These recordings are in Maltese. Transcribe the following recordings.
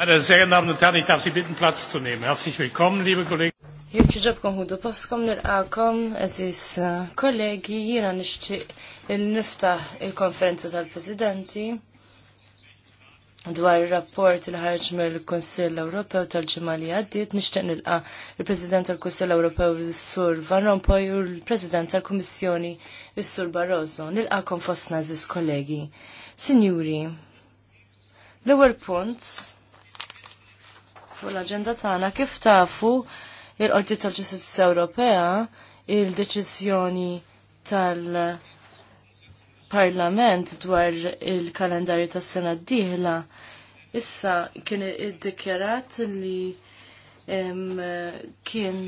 Meine sehr geehrten Damen und Herren, ich darf Sie bitten, Platz zu nehmen. Herzlich willkommen, liebe Kollegen. Jek ġobkom hudu poskom nil-għakom, eżis uh, kollegi, jina nishtiq il-niftaħ il-konferenza tal-prezidenti dwar il-rapport il-ħarġ mill-Konsill Ewropew tal-ġimgħa li għaddiet nixtieq nilqa il-President tal konsil Ewropew is-Sur Van Rompuy u l-President tal-Kummissjoni il sur Barroso. Nilqakom fostna eżis kollegi. Sinjuri, l-ewwel punt fuq l-agenda tagħna kif tafu il-Qorti tal-Ġustizzja Ewropea il-deċiżjoni tal-Parlament dwar il-kalendarju tas-sena d-dieħla issa kien iddikjarat li kien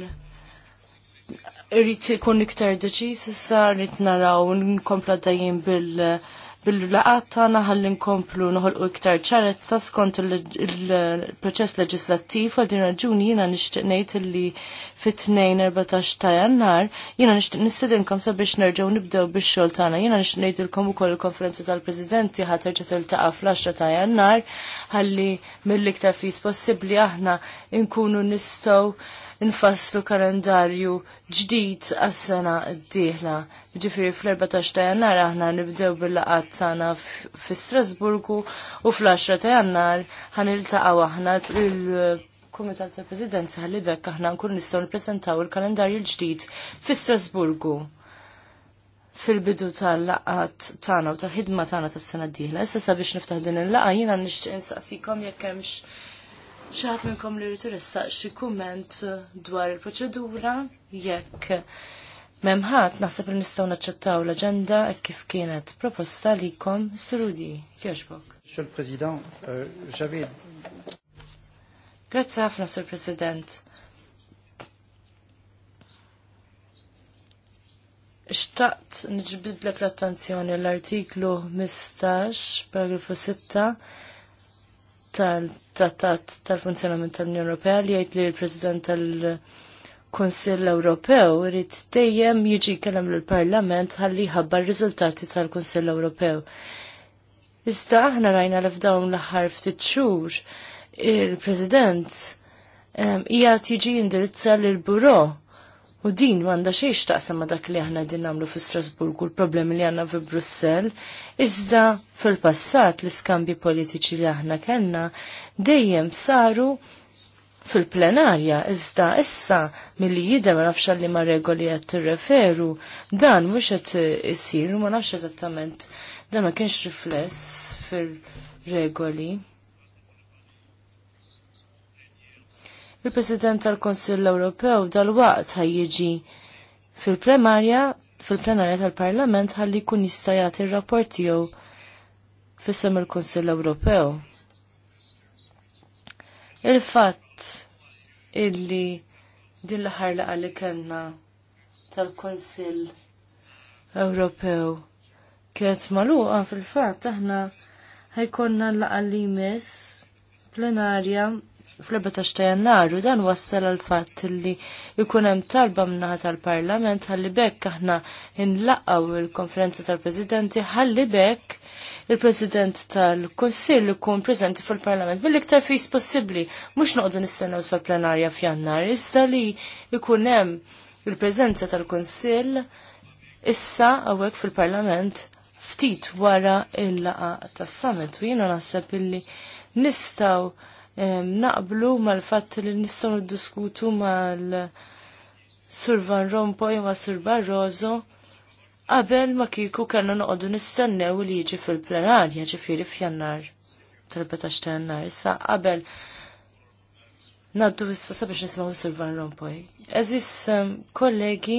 irrit ikun iktar deċiż issa rrit naraw nkompla dajjem bil- uh, bil-laqat tagħna ħalli nkomplu noħolqu iktar ċarezza skont il-proċess leġislattiv għal din raġuni jiena nixtieq ngħid illi fit-tnejn 14 ta' Jannar jiena nixtieq nistedinkom sabiex nerġgħu nibdew bix-xogħol tagħna. Jiena nixtieq ngħidilkom ukoll il-konferenza tal-Presidenti ħadd terġa' tiltaqa' fl-10 ta' Jannar ħalli mill-iktar fis possibbli aħna nkunu nistgħu infasslu kalendarju ġdid għas-sena d-dieħla. Ġifiri fl-14 ta' jannar aħna nibdew bil-laqat tagħna fi Strasburgu u fl-10 ta' jannar ħaniltaqgħu aħna il-Kumitat ta' Presidenza ħalli bekk aħna nkun nistgħu nippreżentaw il-kalendarju l-ġdid fi Strasburgu fil-bidu tal-laqat tagħna u tal-ħidma tagħna tas-sena d-dieħla. Issa sabiex niftaħ din il-laqa jiena nixtieq insaqsikom jekk hemmx ċaħat minnkom li rritu iressaq xi kumment eh, dwar il-proċedura jekk Memħat naħseb li nistgħu naċċettaw l-aġenda e kif kienet proposta kom Surudi Kjoġbok. Sur President, ġavid. Euh, Grazzi ħafna, Sur President. Xtaqt nġbid l-attenzjoni l-artiklu 15, paragrafu 6 tal-Trattat tal-Funzjonament tal-Unjoni Ewropea li jgħid li l-President tal-Kunsill Ewropew irid dejjem jiġi jkellem lill-Parlament ħalli jħabbar riżultati tal-Kunsill Ewropew. Iżda aħna rajna li f'dawn l-aħħar ftit xhur il-President hija tiġi indirizza lill buro U din m'għandha xejn xtaqsam ma' dak li aħna din nagħmlu fi Strasburg u l-problemi li għandna fi Brussell, iżda fil-passat l-iskambji politiċi li aħna kellna dejjem saru fil-plenarja, iżda issa milli jidher ma nafx li ma regoli qed tirreferu, dan mhux qed isir u ma nafx eżattament dan ma kienx rifless fir-regoli. il-President tal-Konsill Ewropew dal-waqt ħajjiġi fil-plenarja fil-plenarja tal-Parlament ħalli jkun jista' jagħti r-rapport tiegħu fis il-Kunsill Ewropew. Il-fatt illi din l-aħħar li kellna tal-Kunsill Ewropew kienet magħluqa fil-fatt aħna ħajkonna l li jmiss plenarja fl ebba ta' jannaru dan wassal għal fatt li jkun hemm talba m'naħa tal-Parlament ħalli bekk aħna nlaqgħu il-konferenza tal-Presidenti ħalli bekk il-President tal-Konsill ikun preżenti fil-Parlament mill-iktar fis possibbli mhux noqogħdu nistennew sal-plenarja f'jannar, issa li jkun hemm il prezenza tal konsil issa għawek fil-Parlament ftit wara il-laqa tas-summit u jiena naħseb illi nistgħu naqblu mal-fatt li nistgħu niddiskutu mal-Sur Van Rompuy ma' Sur Barroso qabel ma kieku kellna noqogħdu nistennew li jiġi fil-plenarja ġifieri f'Jannar tal beta ta' Jannar. Issa qabel Naddu issa sabiex nisma' Sur Van Rompuy. Eżis kollegi,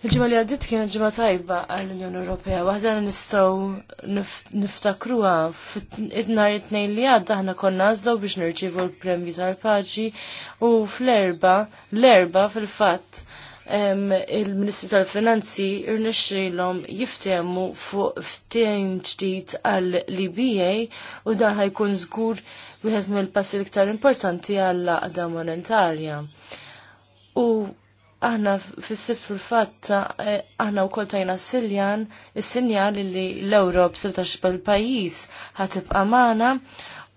il ġimma li għaddit kienet ġimgħa tajba għall-Unjoni Ewropea, waħda nistgħu niftakruha id-nhar it-tnejn li għadda aħna konna għażlu biex nirċievu l-premju tal-paċi u fl-erba, l-erba fil-fatt il-Ministri tal-Finanzi irnexxilhom jiftehmu fuq ftehim ġdid għall libija u dan ħajkun żgur wieħed mill-passi l-iktar importanti għall-aqda monetarja. U aħna fis fil fatt eh, aħna wkoll tajna siljan is-sinjal li l-Ewrop sebtax bil-pajjiż ħatibqa' magħna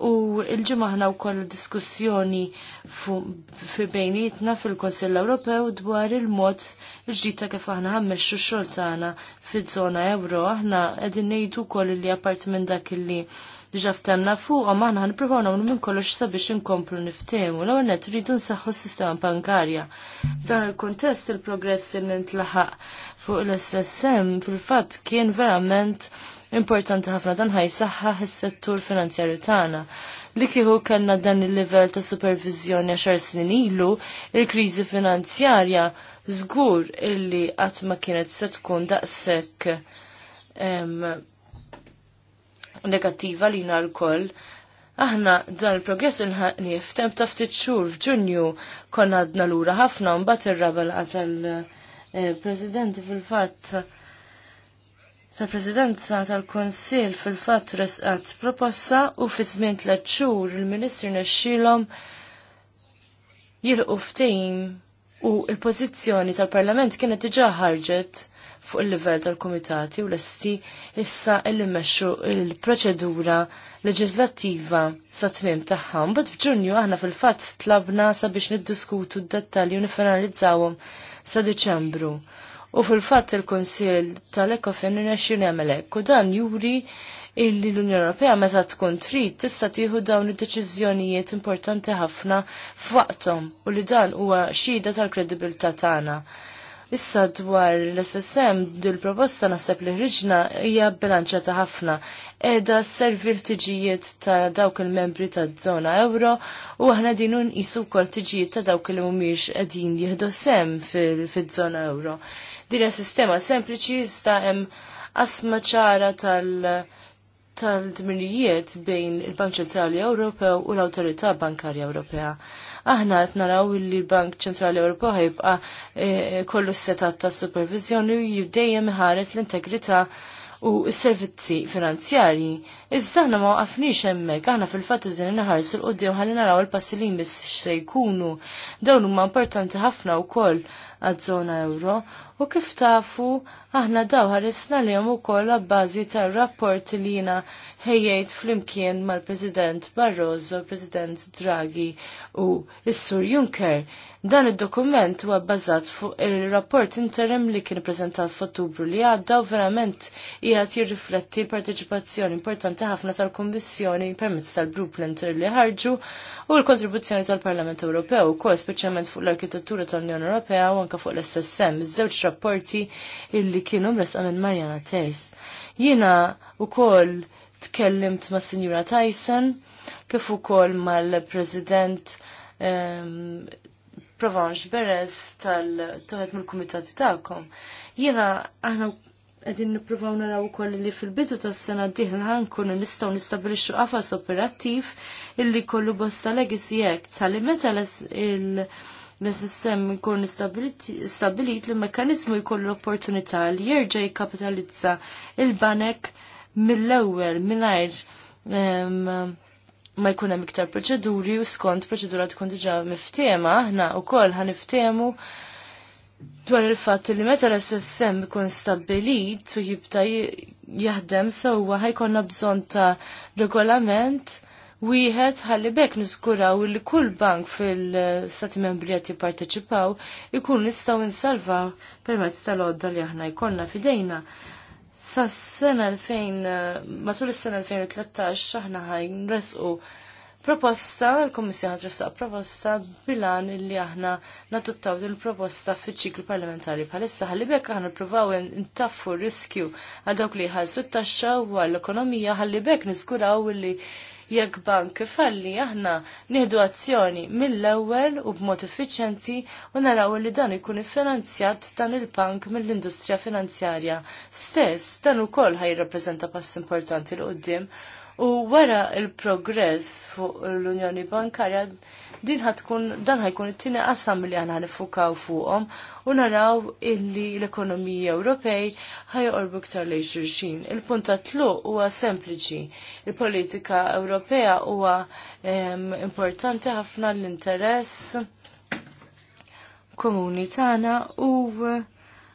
u l-ġimgħa aħna wkoll diskussjoni fi bejnietna fil-Kunsill Ewropew dwar il-mod ġdid ta' kif aħna ħammexxu x-xogħol tagħna fiż-żona Ewro aħna qegħdin ngħidu wkoll li apparti minn dak illi diġa ftemna fuq għom aħna ħanipruvaw nagħmlu minn kollox sabiex inkomplu niftehmu. L-ewwel rridu nsaħħu s-sistema bankarja. F'dan il-kuntest il-progress li ntlaħaq fuq l-SSM fil-fatt kien verament importanti ħafna dan ħajsaħħaħ is-settur finanzjarju tagħna li kieku kellna dan il-livell ta' supervizjoni għaxar snin ilu, il-kriżi finanzjarja żgur illi qatt ma kienet se tkun daqshekk negattiva li na l-koll. Aħna dan il-progress inħaqni f'temp ta' ftit xhur f'Ġunju konna għadna lura ħafna mbagħad ir-rabel tal-Presidenti fil-fatt tal-Presidenza tal-Konsil fil-fatt resqat proposta u fit-żmien tliet il-Ministri nexxilhom jilqu ftehim u l-pożizzjoni tal-Parlament kienet diġà ħarġet fuq il-livell tal-komitati u l-esti issa il meċu il-proċedura leġislattiva sa tmim taħħam, Mbad f'ġunju aħna fil-fat tlabna sabiex niddiskutu d-dettalji u nifinalizzawhom sa Deċembru. U fil-fat il-Konsil tal-Ekofin nirnexxin nemelek u dan juri illi l-Unjoni Ewropea meta tkun trid tista' tieħu dawn id-deċiżjonijiet importanti ħafna f'waqthom u li dan huwa xhieda tal-kredibilità tagħna. Issa dwar l-SSM dil-proposta naħseb li ħriġna hija bilanċata ħafna edha s-servi l-tiġijiet ta' dawk il-membri ta' zona euro u aħna dinun nqisu kol tiġijiet ta' dawk li mhumiex qegħdin jieħdu sem fil zona euro. Dira sistema sempliċi jista' hemm asma ċara tal- tal-dmirijiet bejn il-Bank Ċentrali Ewropew u l-Awtorità Bankarja Ewropea aħna qed naraw li l-Bank Ċentrali Ewropa ħajbqa' eh, kollu s-setat ta' supervizjoni u jibdejjem ħares l-integrità u s-servizzi finanzjarji. Iżda aħna ma waqafniex hemmhekk, aħna fil-fatt din naħarsu l-qudiem ħalli naraw il-passi li jmiss se jkunu. Dawn huma importanti ħafna wkoll għaż-żona euro U kif tafu, aħna daw ħarisna li jom u koll għabbażi tar rapport li jina ħejjajt fl-imkien mal-President Barroso, President Draghi u s-Sur Juncker Dan id-dokument huwa bbażat fuq il-rapport interim li kien prezentat f'Ottubru li għadda u verament qiegħed jirrifletti l-parteċipazzjoni importanti ħafna tal-Kummissjoni permezz tal-blueprint li ħarġu u l-kontribuzzjoni tal-Parlament Ewropew ukoll speċjalment fuq l-arkitettura tal-Unjoni Ewropea u anke fuq l-SSM, iż-żewġ rapporti illi kienu mresqa minn Marjana Tejs. Jiena ukoll tkellimt ma' Sinjura Tyson kif ukoll mal-President ehm, Provanx Beres tal toħet mill-kumitati ta'kom. Jiena aħna qegħdin nippruvaw naraw ukoll li fil-bidu tas-sena d-dieħla ħankun nistgħu nistabilixxu qafas operattiv illi kollu bosta legacy act sali meta l-SSM kun stabilit li mekkanizmu jkollu l-opportunità li jerġa' jikkapitalizza il-banek mill-ewwel mingħajr ma jkun hemm iktar proċeduri u skont proċedura tkun diġà miftiema aħna wkoll ħaniftehmu dwar il-fatt li meta l-SSM ikun stabbilit u jibta jaħdem sewwa ħajkonna bżonn ta' regolament wieħed ħalli bekk niskuraw li kull bank fil-stati membri qed jipparteċipaw ikun nistgħu insalvaw permezz tal-għodda li aħna jkollna fidejna sas-sena 2000, matul is-sena 2013 aħna ħajn resqu proposta, l-Kommissjoni ħatressaq proposta bilan illi aħna natuttaw il-proposta fiċ-ċiklu parlamentari bħalissa ħalli bekk aħna nippruvaw ntaffu r-riskju għal dawk li ħallsu t-taxxa ekonomija ħalli bekk niżguraw illi jekk bank falli aħna nieħdu azzjoni mill-ewwel u b'mod effiċjenti u naraw li dan ikun iffinanzjat dan il-bank mill-industrija finanzjarja. Stess dan ukoll ħaj jirrappreżenta pass importanti l qudiem U wara il-progress fuq l-Unjoni Bankarja din ħatkun dan ħajkun it-tieni qasam li għana nifukaw fuqhom u naraw illi l-ekonomija Ewropej ħajqorbu iktar lej xulxin. Il-punt tluq huwa sempliċi. Il-politika Ewropea huwa importanti ħafna l-interess komuni tagħna u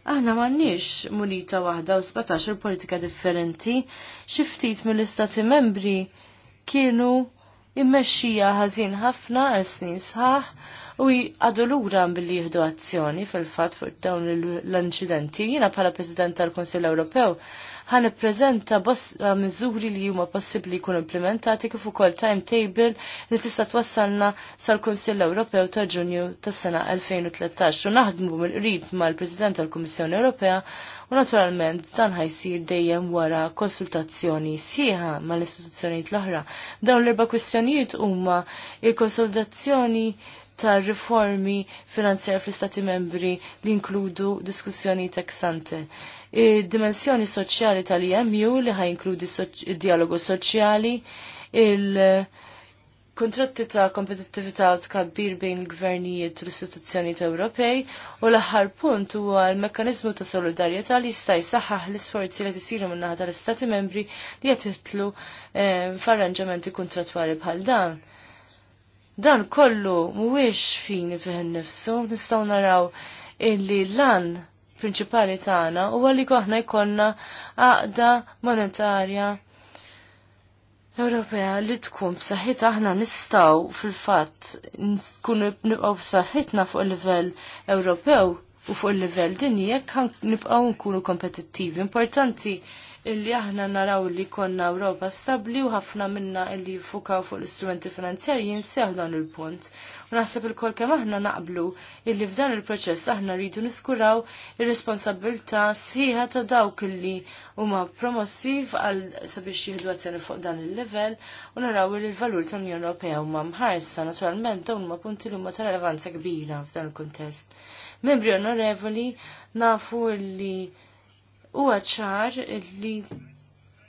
Aħna m'għandniex munita waħda u 17 il-politika differenti, xi ftit mill-istati membri kienu immexxija ħażin ħafna għal snin sħaħ u għadu l-ura billi jihdu azzjoni fil-fat fuq dawn l-incidenti. Jina pala President tal-Konsil Ewropew ħan prezenta bosta eh, miżuri li huma possibbli jkunu implementati kif ukoll timetable li tista' twassalna sal-Kunsill Ewropew ta' Ġunju tas-sena 2013 u naħdmu mill-qrib mal-President tal-Kummissjoni Ewropea u naturalment dan ħajsir dejjem wara konsultazzjoni sieħa mal-istituzzjonijiet l-oħra. Dawn l-erba' kwistjonijiet huma il-konsultazzjoni ta' riformi finanzjar fl-Istati membri li inkludu diskussjoni sante id-dimensjoni soċjali tal-EMU li ħajinkludi id-dialogu soċjali, il-kontratti ta' kompetittività u tkabbir bejn il-gvernijiet u l-istituzzjonijiet Ewropej u l-aħħar punt huwa l-mekkaniżmu ta' solidarjetà li jista' jsaħħaħ l-isforzi li tisiru min-naħa tal-Istati membri li qed jitlu eh, f'arranġamenti kontrattwali bħal dan dan kollu mhuwiex fin fih nifsu nistgħu naraw illi lan prinċipali tagħna huwa li aħna jkollna għaqda monetarja Ewropea li tkun b'saħħit aħna nistgħu fil-fatt nkunu nibqgħu b'saħħitna fuq il-livell Ewropew u fuq il-livell dinji jekk nibqgħu nkunu kompetittivi. Importanti illi aħna naraw li konna Ewropa stabli u ħafna minna illi jifukaw fuq l-istrumenti finanzjarji jinseħu dan il-punt. U naħseb il-kol kemm aħna naqblu illi f'dan il-proċess aħna rridu niskuraw ir-responsabilità sħiħa ta' dawk illi huma promossi għal sabiex jieħdu azzjoni fuq dan il-level u naraw li l-valur tal-Unjoni Ewropea huma mħarsa naturalment dawn huma punti li huma ta' relevanza kbira f'dan il-kuntest. Membri onorevoli nafu li huwa ċar li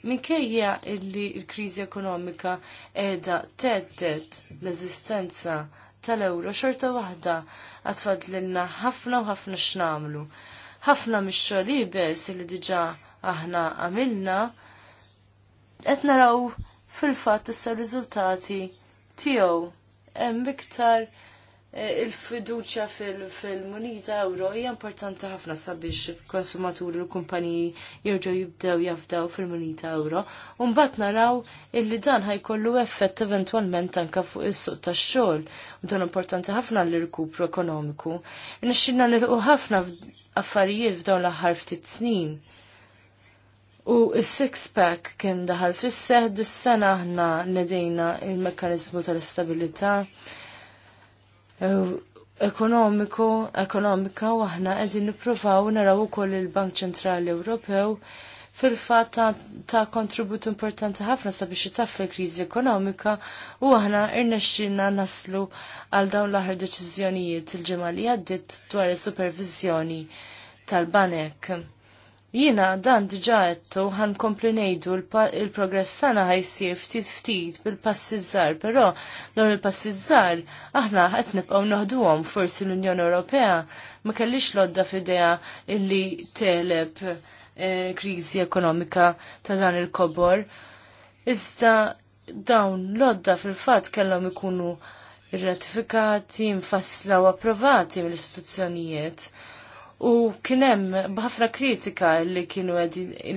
minkejja li l-kriżi ekonomika qiegħda teddet l-eżistenza tal-ewro xorta l-inna ħafna u ħafna x'namlu. Ħafna mix-xogħol ibes li diġa' aħna għamilna qed naraw fil-fatt issa riżultati tiegħu hemm iktar Eh, il-fiduċa fil-munita euro hija importanti ħafna sabiex konsumaturi u kumpaniji jirġu jibdew jafdaw fil-munita euro. Umbat naraw illi dan ħajkollu effett eventualment anka fuq is-suq tax-xogħol u dan importanti ħafna l rikupru ekonomiku. Nixxinna nilqu ħafna affarijiet f'dawn l-aħħar ftit snin. U s-six pack kien daħal fis-seħ dis-sena aħna nedejna il-mekkanizmu tal-istabilità. il mekkanizmu tal il mekkanizmu tal istabilità Eh, ekonomiku, ekonomika u aħna qegħdin nippruvaw naraw ukoll il-Bank Ċentrali Ewropew fil-fatt ta', ta kontribut importanti ħafna sabiex taf il kriżi ekonomika u aħna irnexxina naslu għal dawn l-aħħar deċiżjonijiet il-ġimgħa li għaddiet dwar is-supervizjoni tal-banek. Jina dan diġa ħan għan komplinejdu il-progress tana ħajsir ftit ftit bil-passi zzar, pero dawn il-passi zzar aħna ħet nibqaw noħduhom forsi l-Unjoni Ewropea ma kellix lodda f'idea illi teleb eh, kriżi ekonomika ta' dan il-kobor. Iżda dawn lodda fil-fatt kellhom ikunu ratifikati, mfassla u approvati mill-istituzzjonijiet. U kienem bħafna kritika li kienu,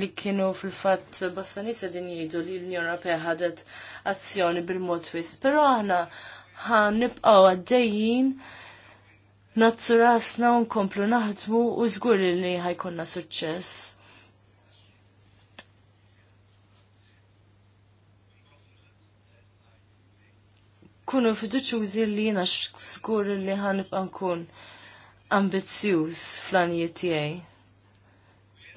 li kienu fil-fat bastanis din jidu li l unjoni Ewropea ħadet azzjoni bil-mod twist. Pero aħna ħan nibqaw għaddejjin nazzu rasna u nkomplu naħdmu u żgur li ħajkunna suċċess. Kunu fiduċużi li jina xgur li ħan nibqa nkun ambizzjuż fl-għanijiet tiegħi.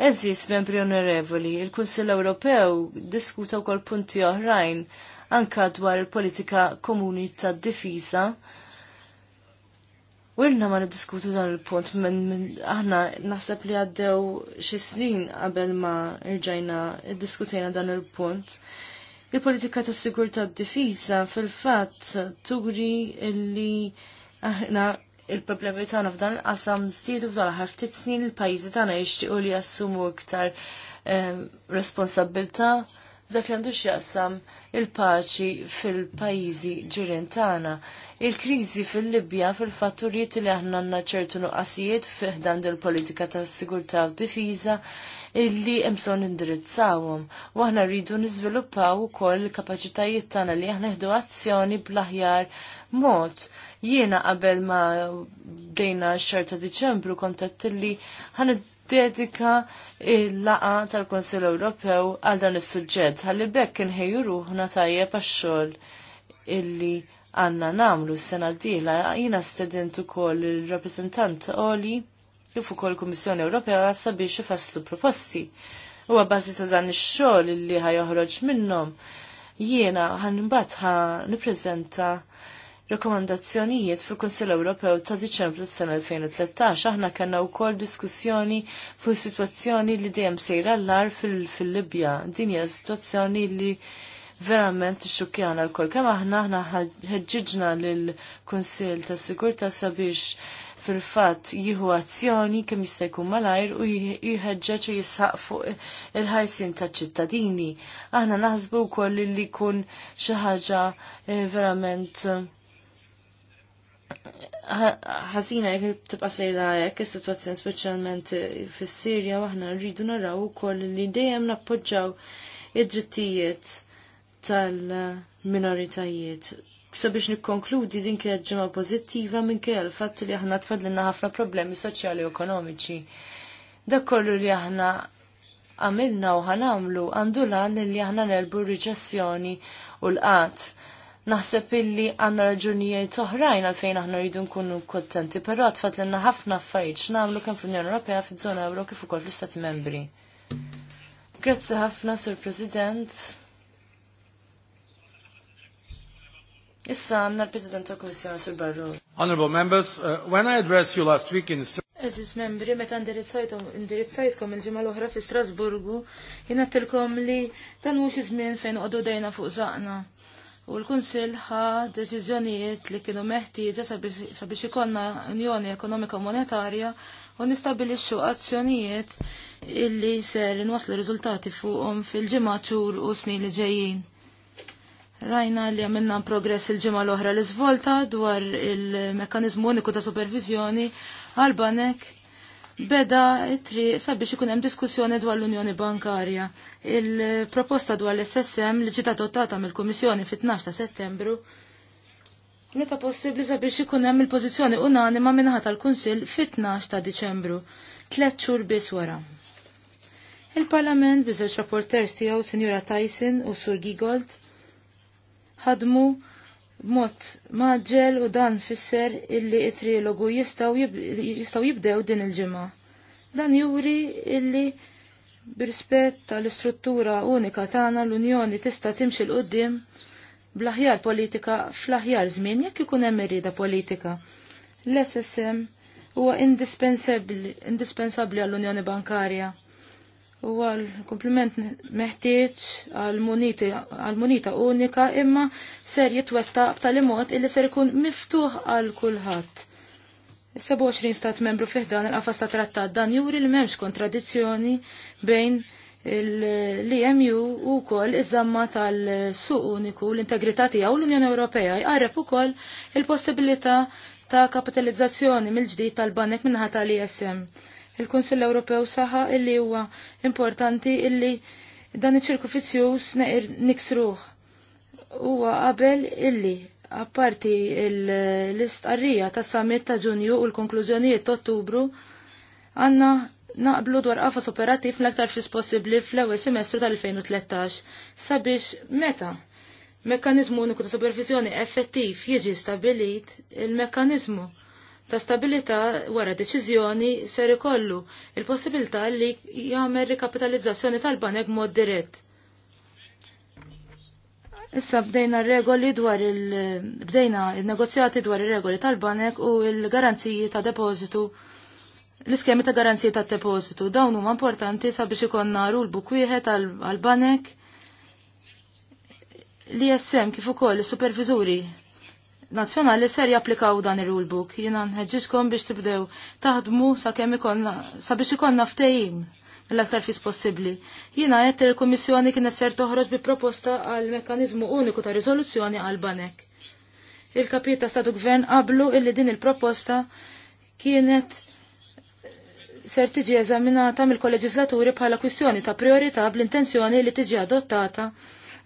Eżis membri onorevoli, il-Kunsill Ewropew diskuta wkoll punti oħrajn anka dwar il-politika komuni tad-difiża U irna ma diskutu dan il-punt minn aħna naħseb li għaddew xi snin qabel ma rġajna diskutejna dan il-punt. Il-politika ta' sigurtà d-difiża fil-fatt turi li aħna il-problemi tagħna f'dan il-qasam żdiedu f'dan aħħar ftit snin il-pajjiżi tagħna jixtiequ li jassumu iktar ehm, responsabilità f'dak li għandu x'jaqsam il-paċi fil-pajjiżi ġirien tagħna. Il-kriżi fil-Libja fil-fatt uriet li aħna għandna ċertu nuqqasijiet fiħdan il-politika tas-sigurtà u difiża illi bżonn indirizzawhom. U aħna rridu niżviluppaw ukoll il-kapaċitajiet tagħna li aħna ħdu azzjoni bl-aħjar mod Jiena qabel ma bdejna x-xar ta' Diċembru kontat li ħan dedika il-laqa tal-Konsil Ewropew għal dan is-suġġett ħalli bekk inħejju ruħna tajjeb għax-xogħol illi għanna namlu s-sena d-dila jina stedent ukoll il rappreżentant Oli kif ukoll Kummissjoni Ewropea sabiex ifasslu proposti. Huwa bażi ta' dan ix-xogħol li joħroġ minnhom jiena ħanbat ħa nippreżenta rekomandazzjonijiet fil kunsill Ewropew ta' Diċembru s-sena 2013 aħna kellna wkoll diskussjoni fuq sitwazzjoni li dejjem sejra l ar fil-Libja. Din hija sitwazzjoni li verament xukjana l-kol. Kemm aħna aħna ħeġġiġna lill-Kunsill tas Sigurtà sabiex fil-fatt jieħu azzjoni kemm jista' jkun malajr u jħeġġeġ u jisħaq fuq il-ħajsin taċ ċittadini. Aħna naħsbu wkoll li jkun xi ħaġa eh, verament ħazina jek tibqa sejla jekk is-sitwazzjoni speċjalment fis-Sirja waħna rridu naraw ukoll li dejjem nappoġġaw id-drittijiet tal-minoritajiet. Sabiex nikkonkludi din kienet ġimgħa pożittiva minkejja l-fatt li aħna tfadlilna ħafna problemi soċjali u ekonomiċi. Dak kollu li aħna għamilna u ħanamlu għandu l-għan l-għan li aħna nelbu r u l-qatt naħseb illi għanna raġunijiet oħrajn għalfejn aħna rridu nkunu kontenti, però għatfat l-inna ħafna affarijiet x'namlu kemm fl-Unjoni Ewropea fiż-żona Ewro kif ukoll fl-Istati Membri. Grazzi ħafna, Sur President. Issa għanna l-President tal Komissjoni Sur Barru. Honorable members, uh, when I address you last week in Eżis membri, meta indirizzajtkom il-ġimgħa l-oħra fi Strasburgu, jien tilkom li dan mhux iż-żmien fejn qogħdu dejna fuq zaqna. U l-Kunsil ħa deċiżjonijiet li kienu meħtieġa sabiex ikonna Unjoni Ekonomika Monetarja u nistabilixxu azzjonijiet illi ser inwaslu riżultati fuqhom fil ġimgħa xhur u snin li ġejjin. Rajna li għamilna progress il-ġimgħa l-oħra l iżvolta dwar il-mekkaniżmu uniku ta' supervizjoni għal banek beda tri sabiex ikun hemm diskussjoni dwar l-Unjoni Bankarja. Il-proposta dwar l-SSM li ġiet adottata mill-Kummissjoni fit-12 ta' Settembru meta possibbli sabiex ikun hemm il-pożizzjoni unanima minħa tal-Kunsill fit-12 ta' Diċembru, tliet xhur biss wara. Il-Parlament biżewġ rapporters tiegħu Sinjura Tyson u Sur Gigold ħadmu b'mod maġġel u dan fisser illi it-trilogu jistaw, jibdew din il-ġimgħa. Dan juri illi b'rispett tal-istruttura unika tagħna l-Unjoni tista' timxi l qudiem bl-aħjar politika fl-aħjar żmien jekk ikun hemm irrieda politika. L-SSM huwa indispensabbli għall-Unjoni Bankarja u għal kompliment meħtieġ għal munita unika imma ser jitwetta b'tali mod illi ser ikun miftuħ għal kulħadd. 27 stat membru fiħdan il-qafas ta' trattat dan juri li m'hemmx kontradizzjoni bejn l-EMU u kol iż-żamma tal-suq uniku l-integrità tiegħu l-Unjoni Ewropea jqarreb ukoll il-possibilità ta' kapitalizzazzjoni mill-ġdid tal-banek minnaħa tal-ISM. Il-Kunsill Ewropew saħa illi huwa importanti illi dan iċ-ċirku fizzjuż niksruh. Huwa qabel illi apparti l-istqarrija tas summit ta' Ġunju u l-konklużjonijiet ta' Ottubru għandna naqblu dwar qafas operattiv mill-aktar fis possibbli fl-ewwel semestru tal-2013 sabiex meta mekkanizmu uniku ta' supervizjoni effettiv jiġi stabilit il-mekkanizmu ta' stabilita wara deċiżjoni ser ikollu il-possibilità li jagħmel rikapitalizzazzjoni tal-banek mod dirett. Issa bdejna regoli dwar il bdejna il-negozjati dwar ir-regoli tal-banek u l-garanziji ta' depożitu l-iskemi ta' garanziji ta' depożitu dawn huma importanti sabiex ikonna rulbook wieħed għall-banek li jessem kif ukoll is-superviżuri nazzjonali ser japplikaw dan ir-rulebook. Jina nħeġġiskom biex tibdew taħdmu sakemm sa sabiex ikollna ftehim l-aktar fis possibbli. Jiena qed il-Kummissjoni kien ser toħroġ bi proposta għal mekkaniżmu uniku ta' riżoluzzjoni għal banek. il kapita ta' Statu Gvern qablu illi din il-proposta kienet ser tiġi eżaminata mill-kolleġislaturi bħala kwistjoni ta' priorità bl-intenzjoni li tiġi adottata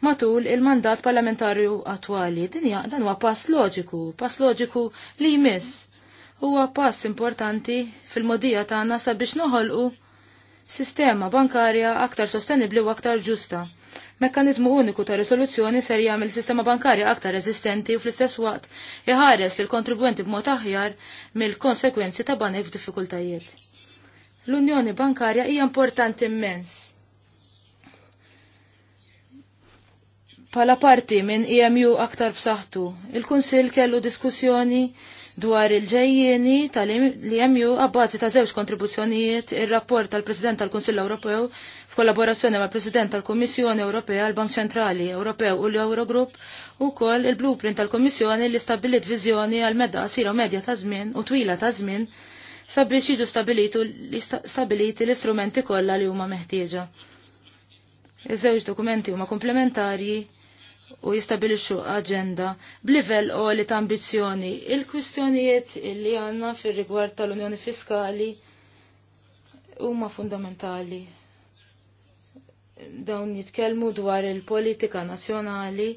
matul il-mandat parlamentarju attwali. Din dan huwa pass loġiku, pass loġiku li jmiss. Huwa pass importanti fil-modija tagħna sabiex noħolqu sistema bankarja aktar sostenibli u aktar ġusta. Mekkanizmu uniku ta' risoluzzjoni ser jagħmel sistema bankarja aktar resistenti u fl-istess waqt iħares lil kontribwenti b'mod aħjar mill-konsekwenzi ta' banek f'diffikultajiet. L-Unjoni Bankarja hija importanti immens pala parti minn EMU aktar b'saħħtu. Il-Kunsill kellu diskussjoni dwar il-ġejjieni tal-EMU għabbażi ta' żewġ kontribuzzjonijiet ir-rapport tal-President tal-Kunsill Ewropew f'kollaborazzjoni mal president tal-Kummissjoni Ewropea l-Bank Ċentrali Ewropew u l-Eurogrupp ukoll il-blueprint tal-Kummissjoni li stabbilit viżjoni għal medda qasira medja ta' żmien u twila ta' żmien sabiex jiġu stabiliti l-istrumenti kollha li huma meħtieġa. Iż-żewġ dokumenti huma komplementarji u jistabilixu aġenda b'livell u li ta' ambizzjoni. Il-kwistjonijiet li għandna fir-rigward tal-Unjoni Fiskali huma fundamentali. Dawn jitkellmu dwar il-politika nazzjonali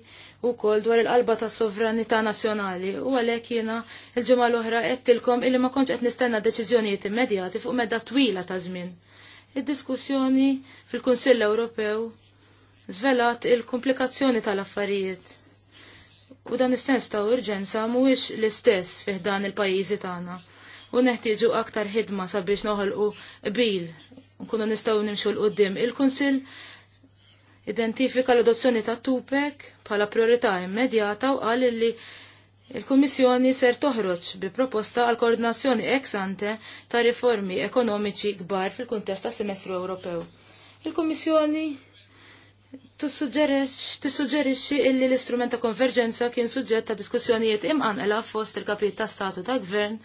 u kol dwar il-qalba ta' sovranità nazzjonali u għalhekk jiena il-ġimgħa l-oħra qedtilkom illi ma kontx qed nistenna deċiżjonijiet immedjati fuq medda twila ta' żmien. Id-diskussjoni fil-Kunsill Ewropew zvelat il-komplikazzjoni tal-affarijiet. U dan is ta' urġenza mhuwiex l-istess fih dan il-pajjiżi tagħna. U neħtieġu aktar ħidma sabiex noħolqu qbil nkunu nistgħu nimxu l qudiem Il-Kunsill identifika l-adozzjoni ta' Tupek bħala priorità immedjata u qal li il-Kummissjoni ser toħroġ bi proposta għal koordinazzjoni ex ante ta' riformi ekonomiċi kbar fil-kuntest ta' semestru Ewropew. Il-Kummissjoni tissuġġerixxi illi l-istrument ta' konverġenza kien suġġett ta' diskussjonijiet imqanqela fost il-kapit ta' statu ta' gvern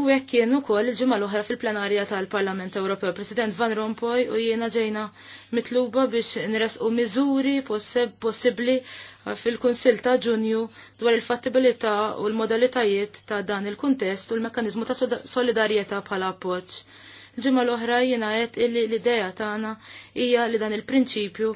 u hekk kien ukoll il-ġimgħa l-oħra fil-plenarja tal-Parlament Ewropew. President Van Rompuy u jiena ġejna mitluba biex nresqu miżuri possibbli fil-Kunsill ta' Ġunju dwar il-fattibilità u l-modalitajiet ta' dan il-kuntest u l-mekkaniżmu ta' solidarjetà bħala appoġġ Ġimma l-oħra jina qed illi l-idea tagħna hija li dan il-prinċipju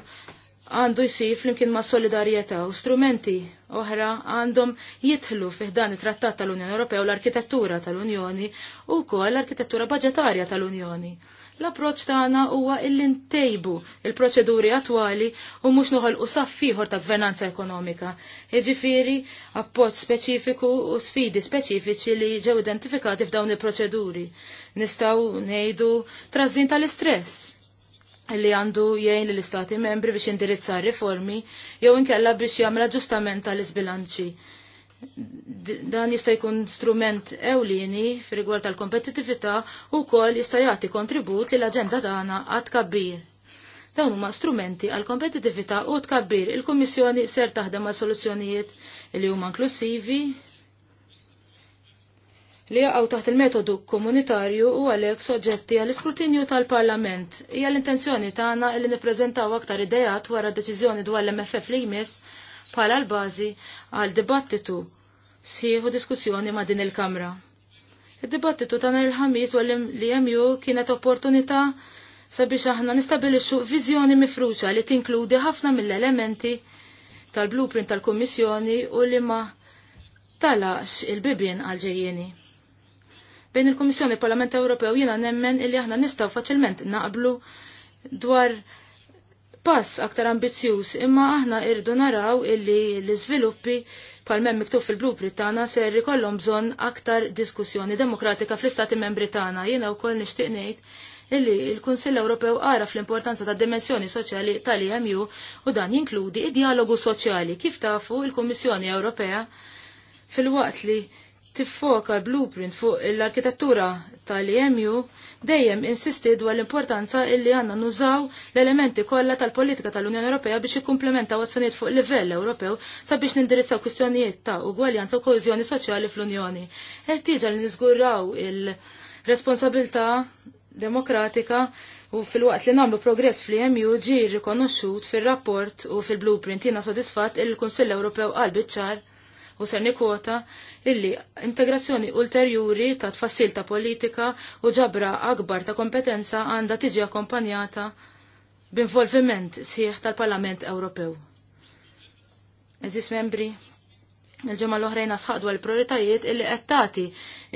għandu jsir flimkien ma' solidarjetà u strumenti oħra għandhom jidħlu fih dan it-trattat tal-Unjoni Ewropea u l-arkitettura tal-Unjoni u wkoll l-arkitettura budġetarja tal-Unjoni. tal unjoni ewropea u l arkitettura tal unjoni u wkoll l arkitettura budġetarja tal unjoni L-approċ tagħna huwa illi ntejbu il-proċeduri attwali u mhux noħolqu saffiħor ta' gvernanza ekonomika. Jiġifieri appoġġ speċifiku u sfidi speċifiċi li ġew identifikati f'dawn il-proċeduri. Nistgħu ngħidu trażin tal-istress li għandu jgħin l istati membri biex indirizza riformi jew inkella biex jagħmel aġġustament tal-isbilanċi dan jista' jkun strument ewlieni f'rigward tal kompetitività u wkoll jista' jagħti kontribut li l aġenda tagħna għad tkabbir. Dawn huma strumenti għal kompetitività u tkabbir. Il-Kummissjoni ser taħdem ma' soluzzjonijiet li huma inklusivi li jaqgħu taħt il-metodu komunitarju u għalhekk soġġetti għall iskrutinju tal-Parlament. Hija l-intenzjoni tagħna li nippreżentaw aktar idejat wara deċiżjoni dwar l-MFF li jmiss bħala l-bażi għal dibattitu sħiħu diskussjoni ma' din il-Kamra. Id-dibattitu tan il-ħamis u li jemju kienet opportunità sabiex aħna nistabilixxu viżjoni mifruċa li tinkludi ħafna mill-elementi tal-blueprint tal-Kummissjoni u li ma talax il-bibien għal-ġejjeni. Bejn il-Kummissjoni Parlament Ewropew jiena nemmen li aħna nistgħu faċilment naqblu dwar pass aktar ambizjuż imma aħna irdu naraw illi l-iżviluppi palmem miktub fil-blueprint tagħna ser ikollhom bżonn aktar diskussjoni demokratika fl-Istati Membri tagħna. Jiena wkoll nixtieq ngħid illi l-Kunsill Ewropew ara fl-importanza ta' dimensjoni soċjali tal-EMU u dan jinkludi id-dialogu soċjali kif tafu il-Kummissjoni Ewropea fil-waqt li tiffoka l-blueprint fuq l-arkitettura tal-EMU dejjem insisti dwar l-importanza illi għanna nużaw l-elementi kollha tal-politika tal-Unjoni Ewropea biex ikkumplementaw azzjonijiet fuq livell Ewropew sabiex nindirizzaw kwistjonijiet ta' ugwaljanza u kohezjoni soċjali fl-Unjoni. Ħtieġa li niżguraw il-responsabilità demokratika u fil-waqt li namlu progress fl-EMU ġi rikonoxxut fil-rapport u fil-blueprint jina sodisfatt il-Kunsill Ewropew għal ċar u ser nikota illi integrazzjoni ulterjuri ta' tfassil ta' politika u ġabra akbar ta' kompetenza għandha tiġi akkompanjata b'involviment sħiħ tal-Parlament Ewropew. Eżis membri, il-ġemma l-oħrejna sħadu l-prioritajiet illi għattati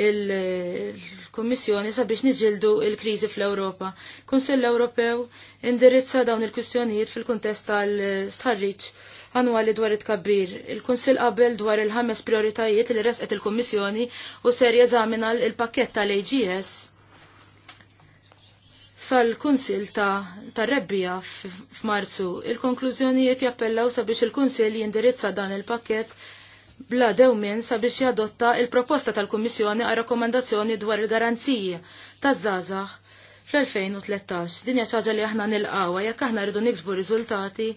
il-Kommissjoni sabiex niġildu il-krizi fl-Europa. Kunsill Ewropew indirizza dawn il-kwistjonijiet fil-kontest tal-starriċ annwali dwar it-kabbir. Il-Kunsil qabel dwar il-ħames prioritajiet li resqet il-Kummissjoni u ser jeżamina l pakket tal-AGS sal-Kunsil ta', ta rebbija f'Marzu. Il-konklużjonijiet jappellaw sabiex il-Kunsil jindirizza dan il-pakket bla dewmin sabiex jadotta il-proposta tal-Kummissjoni għal rakkomandazzjoni dwar il-garanziji taż-żazax fl-2013. Dinja ċaġa li aħna nil-qawa, jekk aħna rridu niksbu riżultati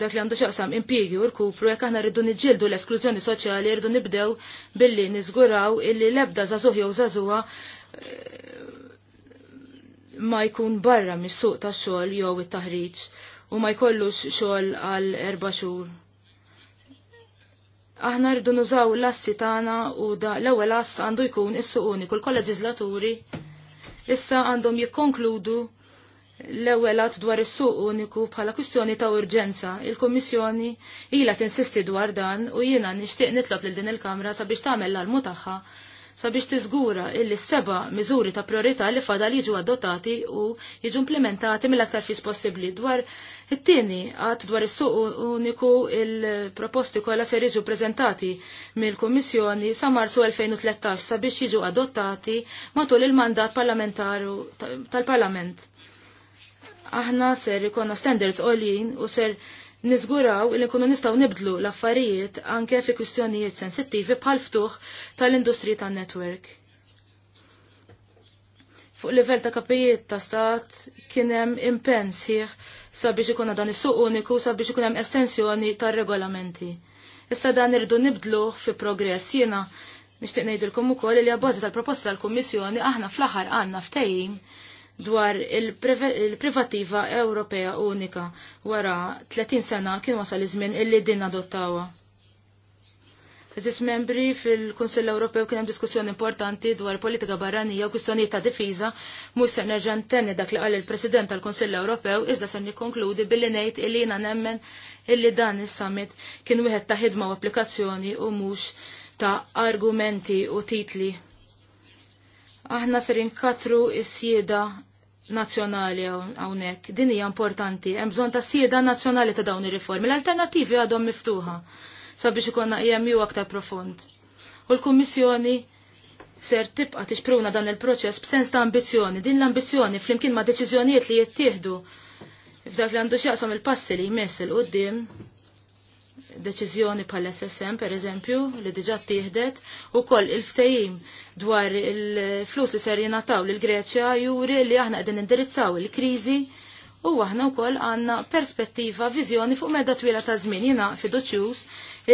dak li għandu xaqsam impiegi u rkupru jekk aħna rridu niġġieldu l-esklużjoni soċjali rridu nibdew billi niżguraw illi lebda zazuħi jew zazuħa eh, ma jkun barra mis-suq tax-xogħol jew it-taħriġ u ma jkollux xogħol għal erba' xhur. Aħna rridu nużaw l-assi tagħna u da l-ewwel ass għandu jkun is-suq uniku l issa għandhom jikkonkludu l-ewwel għad dwar is-suq uniku bħala kwistjoni ta' urġenza. Il-Kummissjoni ilha tinsisti dwar dan u jiena nixtieq nitlob lil din il-Kamra sabiex tagħmel l-almu tagħha sabiex tiżgura illi s-seba' miżuri ta' priorità li fadal jiġu adottati u jiġu implementati mill-aktar fis possibbli dwar it-tieni għad dwar is-suq uniku il-proposti kollha se jiġu preżentati mill-Kummissjoni sa' Marzu 2013 sabiex jiġu adottati matul il-mandat parlamentaru tal-Parlament aħna ser ikonna standards olin u ser nizguraw li nkunu nistaw nibdlu l-affarijiet anke fi kwistjonijiet sensittivi bħal ftuħ tal-industri tan-netwerk. Fuq livell ta' kapijiet ta' stat kienem impens ħieħ sabiex ikun dan is-suq uniku sabiex ikun hemm estensjoni tar-regolamenti. Issa dan irridu nibdluh fi progress jiena nixtieq ngħidilkom ukoll li għabbażi tal-proposta tal-Kummissjoni aħna fl-aħħar għandna ftehim dwar il-privativa Ewropea unika wara 30 sena kien wasal iż-żmien illi din adottawa. Eżis membri fil-Kunsill Ewropew kien hemm diskussjoni importanti dwar politika barranija u kwistjonijiet ta' difiża mhux se nerġa' ntenni dak li qal il-President tal-Kunsill Ewropew iżda se nikkonkludi billi ngħid illi jiena nemmen illi dan is-summit kien wieħed ta' ħidma u applikazzjoni u mhux ta' argumenti u titli aħna ser inkatru s-sieda nazzjonali hawnhekk. Din hija importanti. Hemm bżonn ta' sieda nazzjonali ta' dawn ir-riformi. L-alternattivi għadhom miftuħa sabiex ikonna EMU aktar profond. U l-Kummissjoni ser tibqa' tixpruna dan il-proċess b'sens ta' ambizzjoni. Din l-ambizzjoni flimkien ma' deċiżjonijiet li jittieħdu f'dak li għandu x'jaqsam il-passi li jmiss il-qudiem deċiżjoni pal SSM per eżempju li diġa tieħdet u koll il ftajim dwar il-flus li ser jinataw l-Greċja juri li aħna qegħdin indirizzaw il-kriżi u aħna wkoll għandna perspettiva, viżjoni fuq medda twila ta' żmien jina fiduċjus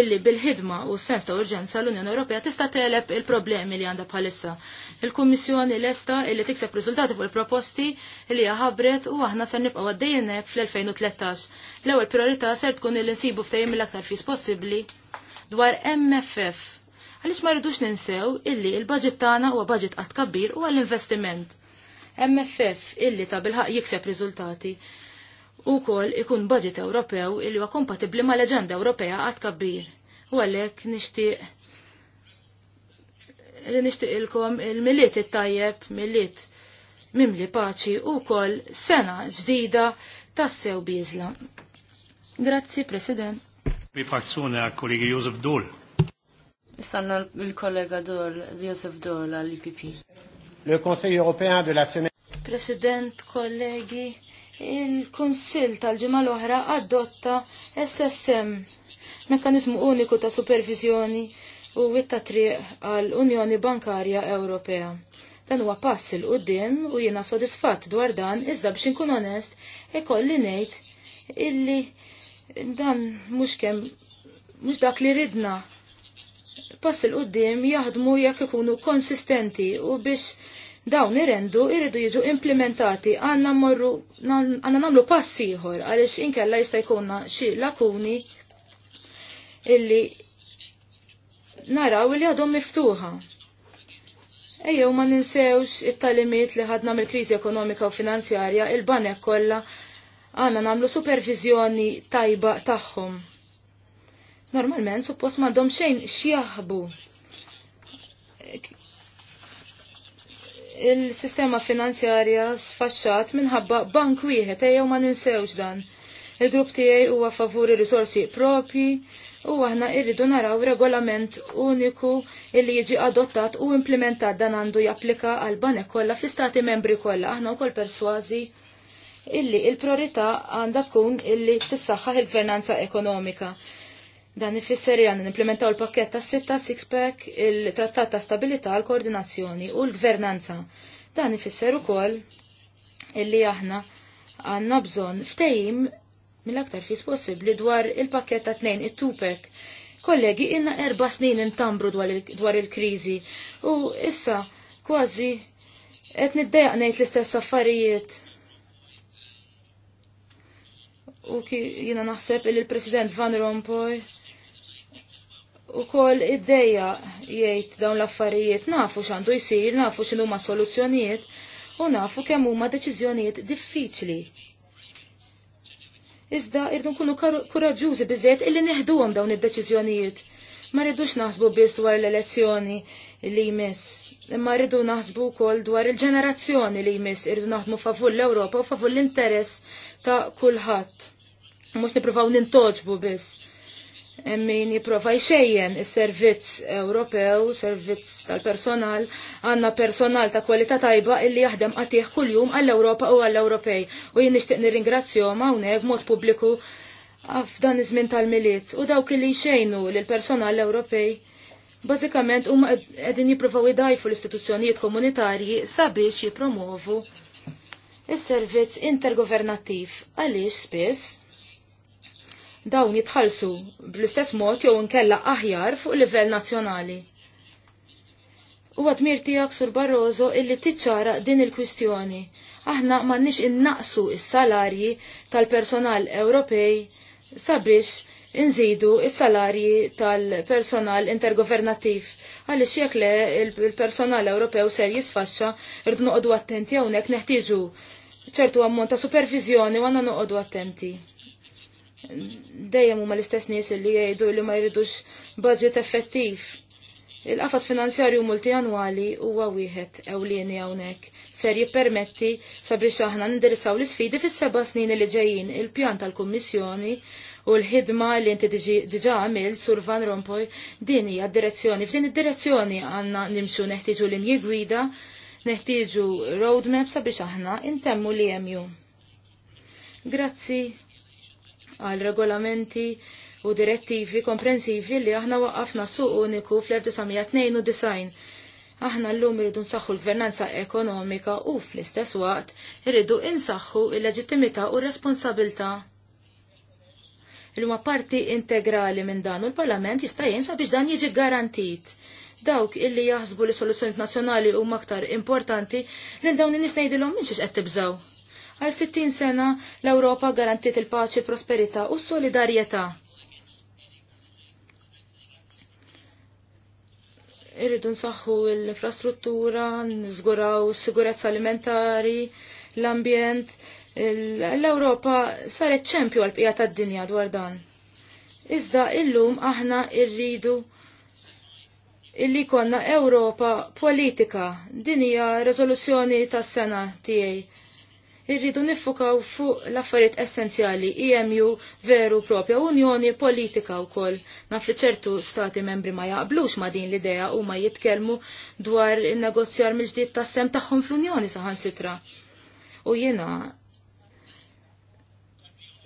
illi bil-ħidma u sens ta' urġenza l-Unjoni Ewropea tista' teleb il-problemi li għandha bħalissa. Il-Kummissjoni lesta illi tikseb riżultati fuq il-proposti illi hija ħabret u aħna ser nibqgħu għaddejjin fl-2013. L-ewwel priorità ser tkun illi nsibu ftehim l aktar fis possibbli dwar MFF. Għaliex ma rridux ninsew illi il-budget tagħna huwa budget qatt kabbir u għall-investiment MFF illi ta' bilħaq jikseb riżultati u kol ikun budget Ewropew illi huwa kompatibbli ma' leġenda Ewropea għad kabbir. U għalhekk nixtieq li nixtieq ilkom il milliet it-tajjeb, milliet mimli paċi u kol sena ġdida tassew biżla. Grazzi, President. Mi fazzuna kollegi Josef Dol. Sanna il-kollega Dol, Josef Dol l ipp Le Conseil européen de la semaine President, kollegi, il-Konsil tal-ġimgħa l-oħra adotta SSM, Mekanizmu Uniku ta' Supervizjoni u witta triq għal Unjoni Bankarja Ewropea. Dan huwa pass il qudiem u jiena sodisfatt dwar dan iżda biex inkun onest ikolli ngħid illi dan mhux kemm mhux dak li ridna. Pass il qudiem jaħdmu jekk ikunu konsistenti u biex dawn irrendu irridu jiġu implementati għanna morru għanna namlu passiħor għalix inkella jista' jkunna xi lakuni illi naraw li għadhom miftuħa. Ejjew ma ninsewx it-talimiet li ħadna mill-kriżi ekonomika u finanzjarja il-banek kollha għandna nagħmlu supervizjoni tajba tagħhom. Normalment suppost m'għandhom xejn xjaħbu il-sistema finanzjarja sfaxxat minħabba bank wieħed ejjew ma ninsewx dan. Il-grupp tiegħi huwa favuri risorsi propri u aħna rridu naraw regolament uniku illi jiġi adottat u implementat dan għandu japplika għal banek kollha fl-istati membri kollha aħna wkoll persważi illi il-priorità għandha tkun illi tissaħħaħ il-gvernanza ekonomika. Dan ifisser li għandna nimplementaw il-pakket ta' sitta six pack il-trattat ta' stabilità l-koordinazzjoni u l-gvernanza. Dan ifisser ukoll illi aħna għandna bżonn ftehim mill-aktar fis possibbli dwar il-pakket ta' tnejn it-tupek. Kollegi, inna erba snin intambru dwar il-kriżi u issa kważi qed niddejaq ngħid l-istess affarijiet. U ki jiena naħseb il-President Van Rompuy u kol id-deja jgħid dawn l-affarijiet nafu x'għandu jsir, nafu xinu ma' soluzzjonijiet u nafu kemm huma deċiżjonijiet diffiċli. Iżda irdu nkunu kuraġuzi biżejjed illi neħduhom dawn id-deċiżjonijiet. Ma rridux naħsbu biss dwar l-elezzjoni li jmiss, imma rridu naħsbu wkoll dwar il-ġenerazzjoni li jmiss, irridu naħdmu favur l-Ewropa u favur l-interess ta' kulħadd. Mhux nippruvaw nintoġbu biss min jiprofa jxejjen il-servizz Ewropew, servizz tal-personal, għanna personal ta' kwalità tajba illi jaħdem għatieħ kull-jum għall-Ewropa u għall-Ewropej. U jien nixtieq nirringrazzjom hawnhekk mod pubbliku f'dan iż-żmien tal-miliet u dawk li jxejnu lill-personal Ewropej. Bażikament huma qegħdin jipprovaw idajfu l-istituzzjonijiet komunitarji sabiex jippromovu is-servizz intergovernattiv għaliex spiss dawn jitħallsu bl-istess mod jew nkella aħjar fuq livell nazzjonali. U għadmir tijak sur Barroso illi tiċċara din il-kwistjoni. Aħna nix innaqsu is-salarji tal-personal Ewropej sabiex inżidu is-salarji tal-personal intergovernattiv. Għaliex jekk le il-personal Ewropew ser jisfaxxa irdu noqogħdu attenti hawnhekk neħtieġu ċertu ammont ta' supervizjoni għanna għandna noqogħdu attenti dejjem huma l-istess nies li jgħidu li ma jridux budget effettiv. Il-qafas finanzjarju multianwali huwa wieħed ewlieni hawnhekk ser jippermetti sabiex aħna nindirizzaw l-isfidi fis-seba' snin li ġejjin il-pjan tal-Kummissjoni u l-ħidma li inti diġà għamilt sur Van Rompuy din hija d-direzzjoni. F'din id-direzzjoni għandna nimxu neħtieġu linji gwida, neħtieġu roadmap sabiex aħna intemmu li hemm Grazzi għal regolamenti u direttivi komprensivi li aħna waqqafna suq uniku fl-1992. Aħna l-lum irridu nsaħħu l-gvernanza ekonomika u fl-istess waqt irridu insaħħu il-leġittimità u responsabilta li huma parti integrali minn dan u l-Parlament jista' jinsa biex dan jiġi garantit dawk illi jaħsbu li soluzzjoniet nazzjonali huma aktar importanti lil dawn in-nies ngħidilhom minn xiex qed tibżgħu. Għal 60 sena l-Ewropa garantiet il-paċi, prosperità u solidarjetà. Irridu nsaħħu l-infrastruttura, nżguraw s-sigurezza alimentari, l-ambjent. L-Ewropa saret ċempju għal pijat tad-dinja dwar dan. Iżda illum aħna irridu illi konna Ewropa politika. Din hija riżoluzzjoni tas-sena tiegħi irridu nifukaw fuq l-affarijiet essenzjali EMU veru propja unjoni politika wkoll. Naf li ċertu stati membri ma jaqblux ma din l-idea u ma jitkellmu dwar in-negozjar mill-ġdid tas-sem tagħhom fl-Unjoni saħansitra. U jiena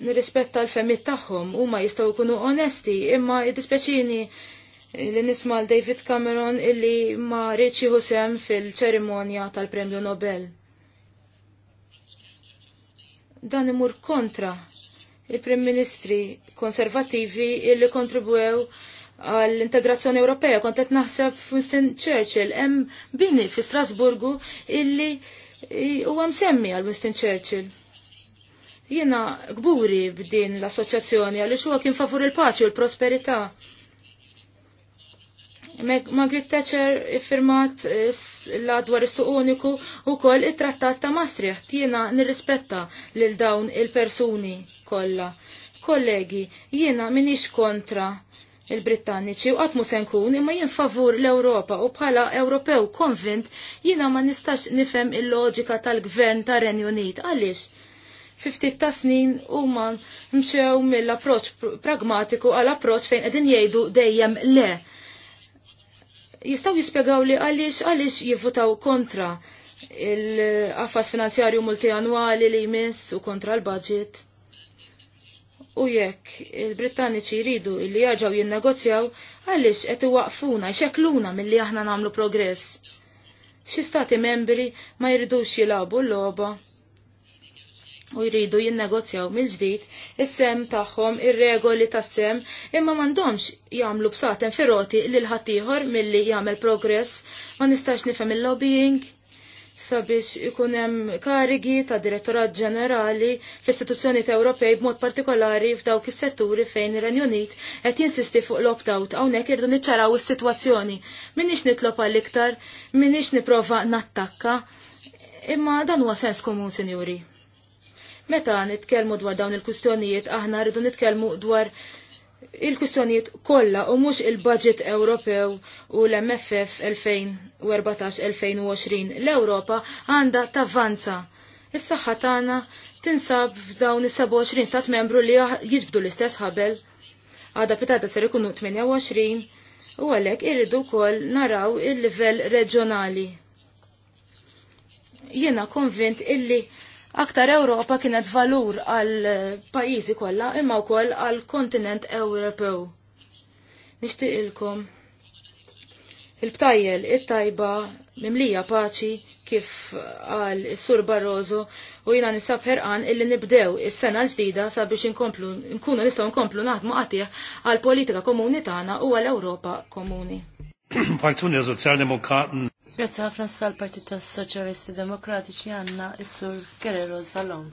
nirrispetta l-femmit tagħhom u ma jistgħu jkunu onesti imma id-dispeċini li nisma l-David Cameron illi ma reċi sem fil-ċerimonja tal-Premju Nobel. Dan imur kontra il-Prim Ministri konservativi illi kontribwew għall-integrazzjoni Ewropea. Kont qed naħseb Winston Churchill hemm bini fi Strasburgu illi huwa msemmi għal Winston Churchill. Jiena gburi b'din l-assoċjazzjoni għaliex huwa kien favur il-paċi u l-prosperità. il paċi u l il paċi u l prosperità Margaret Thatcher firmat eh, la dwar is-suq uniku wkoll it-trattat ta' Maastricht jiena nirrispetta lil dawn il-persuni kollha. Kollegi, jiena minix kontra il brittanniċi u għatmu senkun imma jien favur l-Europa u bħala Ewropew konvint jiena ma nistax nifem il-loġika tal-gvern ta' Renju Unit. Għaliex? 50 ta' snin huma mxew mill-approċ pragmatiku għal approċ fejn qegħdin jgħidu dejjem le jistaw jispiegaw li għaliex għaliex jivvutaw kontra il-qafas finanzjarju multianwali li jmiss u kontra l-budget. U jekk il-Britanniċi jridu illi jarġaw jinnegozjaw għaliex qed iwaqfuna xekluna milli aħna nagħmlu progress. Xi stati membri ma jridux jilabu l-logħba u jridu jinnegozjaw mill-ġdid is-sem tagħhom ir-regoli tas-sem imma m'għandhomx jagħmlu b'saten feroti lil ħaddieħor milli jagħmel progress ma nistax nifhem il-lobbying sabiex ikun hemm karigi ta' direttorat ġenerali fl-istituzzjoni Ewropej b'mod partikolari f'dawk is-setturi fejn ir-Renju Unit qed jinsisti fuq l-opt-out hawnhekk irdu niċċaraw is-sitwazzjoni. Minix nitlob għall iktar, minix niprofa nattakka, imma dan huwa sens komun, sinjuri. Meta nitkellmu dwar dawn il-kustjonijiet, aħna rridu nitkellmu dwar il-kustjonijiet kollha u mhux il-budget Ewropew u l-MFF 2014-2020. L-Ewropa għandha tavanza Is-saħħa tagħna tinsab f'dawn is-27 stat membru li jiġbdu l-istess ħabel. Għada pitata ser ikunu 28 u għalhekk irridu wkoll naraw il-livell reġjonali. Jiena konvint illi Aktar Ewropa kienet valur għal eh, pajjiżi kollha imma wkoll għal kontinent Ewropew. Nixtieq ilkom il-btajjel it-tajba mimlija paċi kif għal is sur Barroso u jina nisab ħerqan illi nibdew is-sena l-ġdida sabiex inkomplu nkunu nistgħu nkomplu naħdmu għatih għal politika komuni tagħna u għal Ewropa komuni. Frakzjoni Sozialdemokraten Grazie ħafna sal partit tas Soċjalisti Demokratiċi għanna is-Sur Guerrero Salom.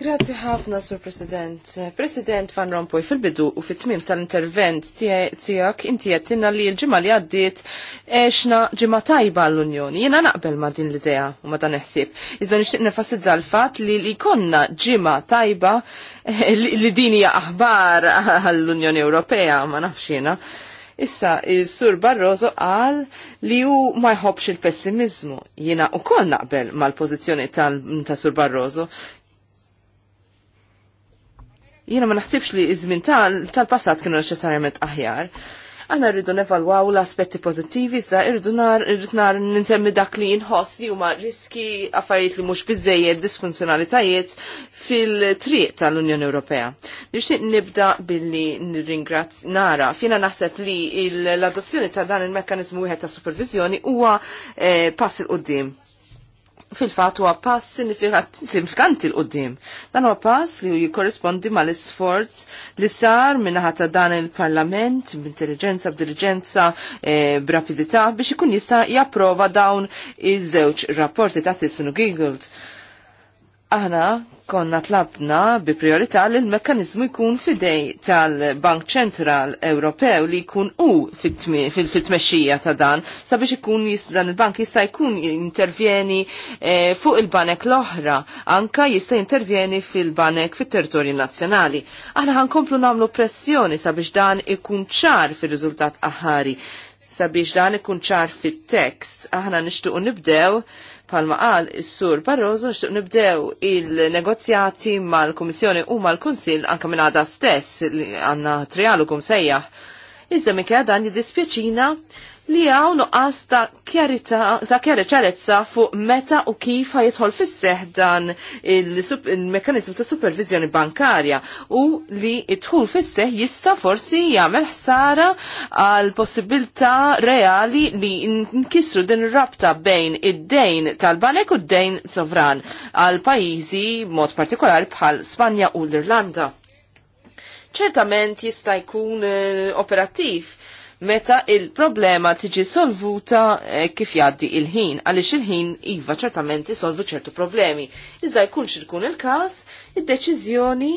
Grazie ħafna, Sur President. President Van Rompuy, fil-bidu u fit-tmim tal-intervent tijak inti jattinna li l-ġimma li għaddit eċna ġimma tajba l-Unjoni. Jena naqbel ma din l-idea u ma dan eħsib. Iżda nishtiq nefasizza l-fat li li konna ġimma tajba eh, li dinija aħbar għall-Unjoni Ewropea, ma nafxina. Issa, il-sur Barroso għal li ju ma jħobx il-pessimizmu. Jina u kol naqbel mal-pozizjoni tal-sur Barroso. Jina ma naħsibx li izmin żmien tal-passat kienu neċessarjament aħjar. Għanna rridu nevalwaw l-aspetti pozittivi, za rridu nar, nar ninsemmi dak li jinħoss li huma riski affarijiet li mhux biżejjed disfunzjonalitajiet fil-triq tal-Unjoni Ewropea. Nixtieq nibda billi nirringrazz nara. Fina naħseb li l-adozzjoni ta' dan il-mekkanizmu wieħed ta' supervizjoni huwa eh, pass il-qudiem fil-fat huwa pass sinifikanti l-qoddim. Dan huwa pass li jikorrispondi mal isforz li sar minnaħa ta' dan il-Parlament b'intelligenza b'diligenza e, b'rapidità biex ikun jista' japprova dawn iż-żewġ rapporti ta' Tisnu Giggled Aħna konna tlabna bi priorità li l mekanizmu jkun fidej tal-Bank Ċentral Ewropew li jkun u fil-tmexxija ta' dan sabiex ikun dan il-bank jista' jkun intervjeni eh, fuq il-banek l-oħra, anka jista' intervjeni fil-banek fit-territorju nazzjonali. Aħna ħankomplu nagħmlu pressjoni sabiex dan ikun ċar fir-riżultat aħari sabiex dan ikun ċar fit-tekst. Aħna nixtuq nibdew Palma qal is-sur Barroso nixtieq nibdew il-negozjati mal-Kummissjoni u mal-Kunsill anke minn għada stess li għandna trialogu msejjaħ. Iżda minn dan jiddispjaċina li għaw nuqqas ta' ċarezza fuq meta u kif ħajtħol fisseħ dan il mekanizm ta' supervizjoni bankarja u li jitħol fisseħ jista' forsi jagħmel ħsara għal possibilità reali li nkissru din rabta bejn id-dejn tal-banek u d-dejn sovran għal pajjiżi mod partikolari bħal Spanja u l-Irlanda ċertament jista' jkun eh, operattiv meta il-problema tiġi solvuta eh, kif jaddi il-ħin, għaliex il-ħin iva ċertament isolvu ċertu problemi. Iżda jkunx ikun il-każ, id-deċiżjoni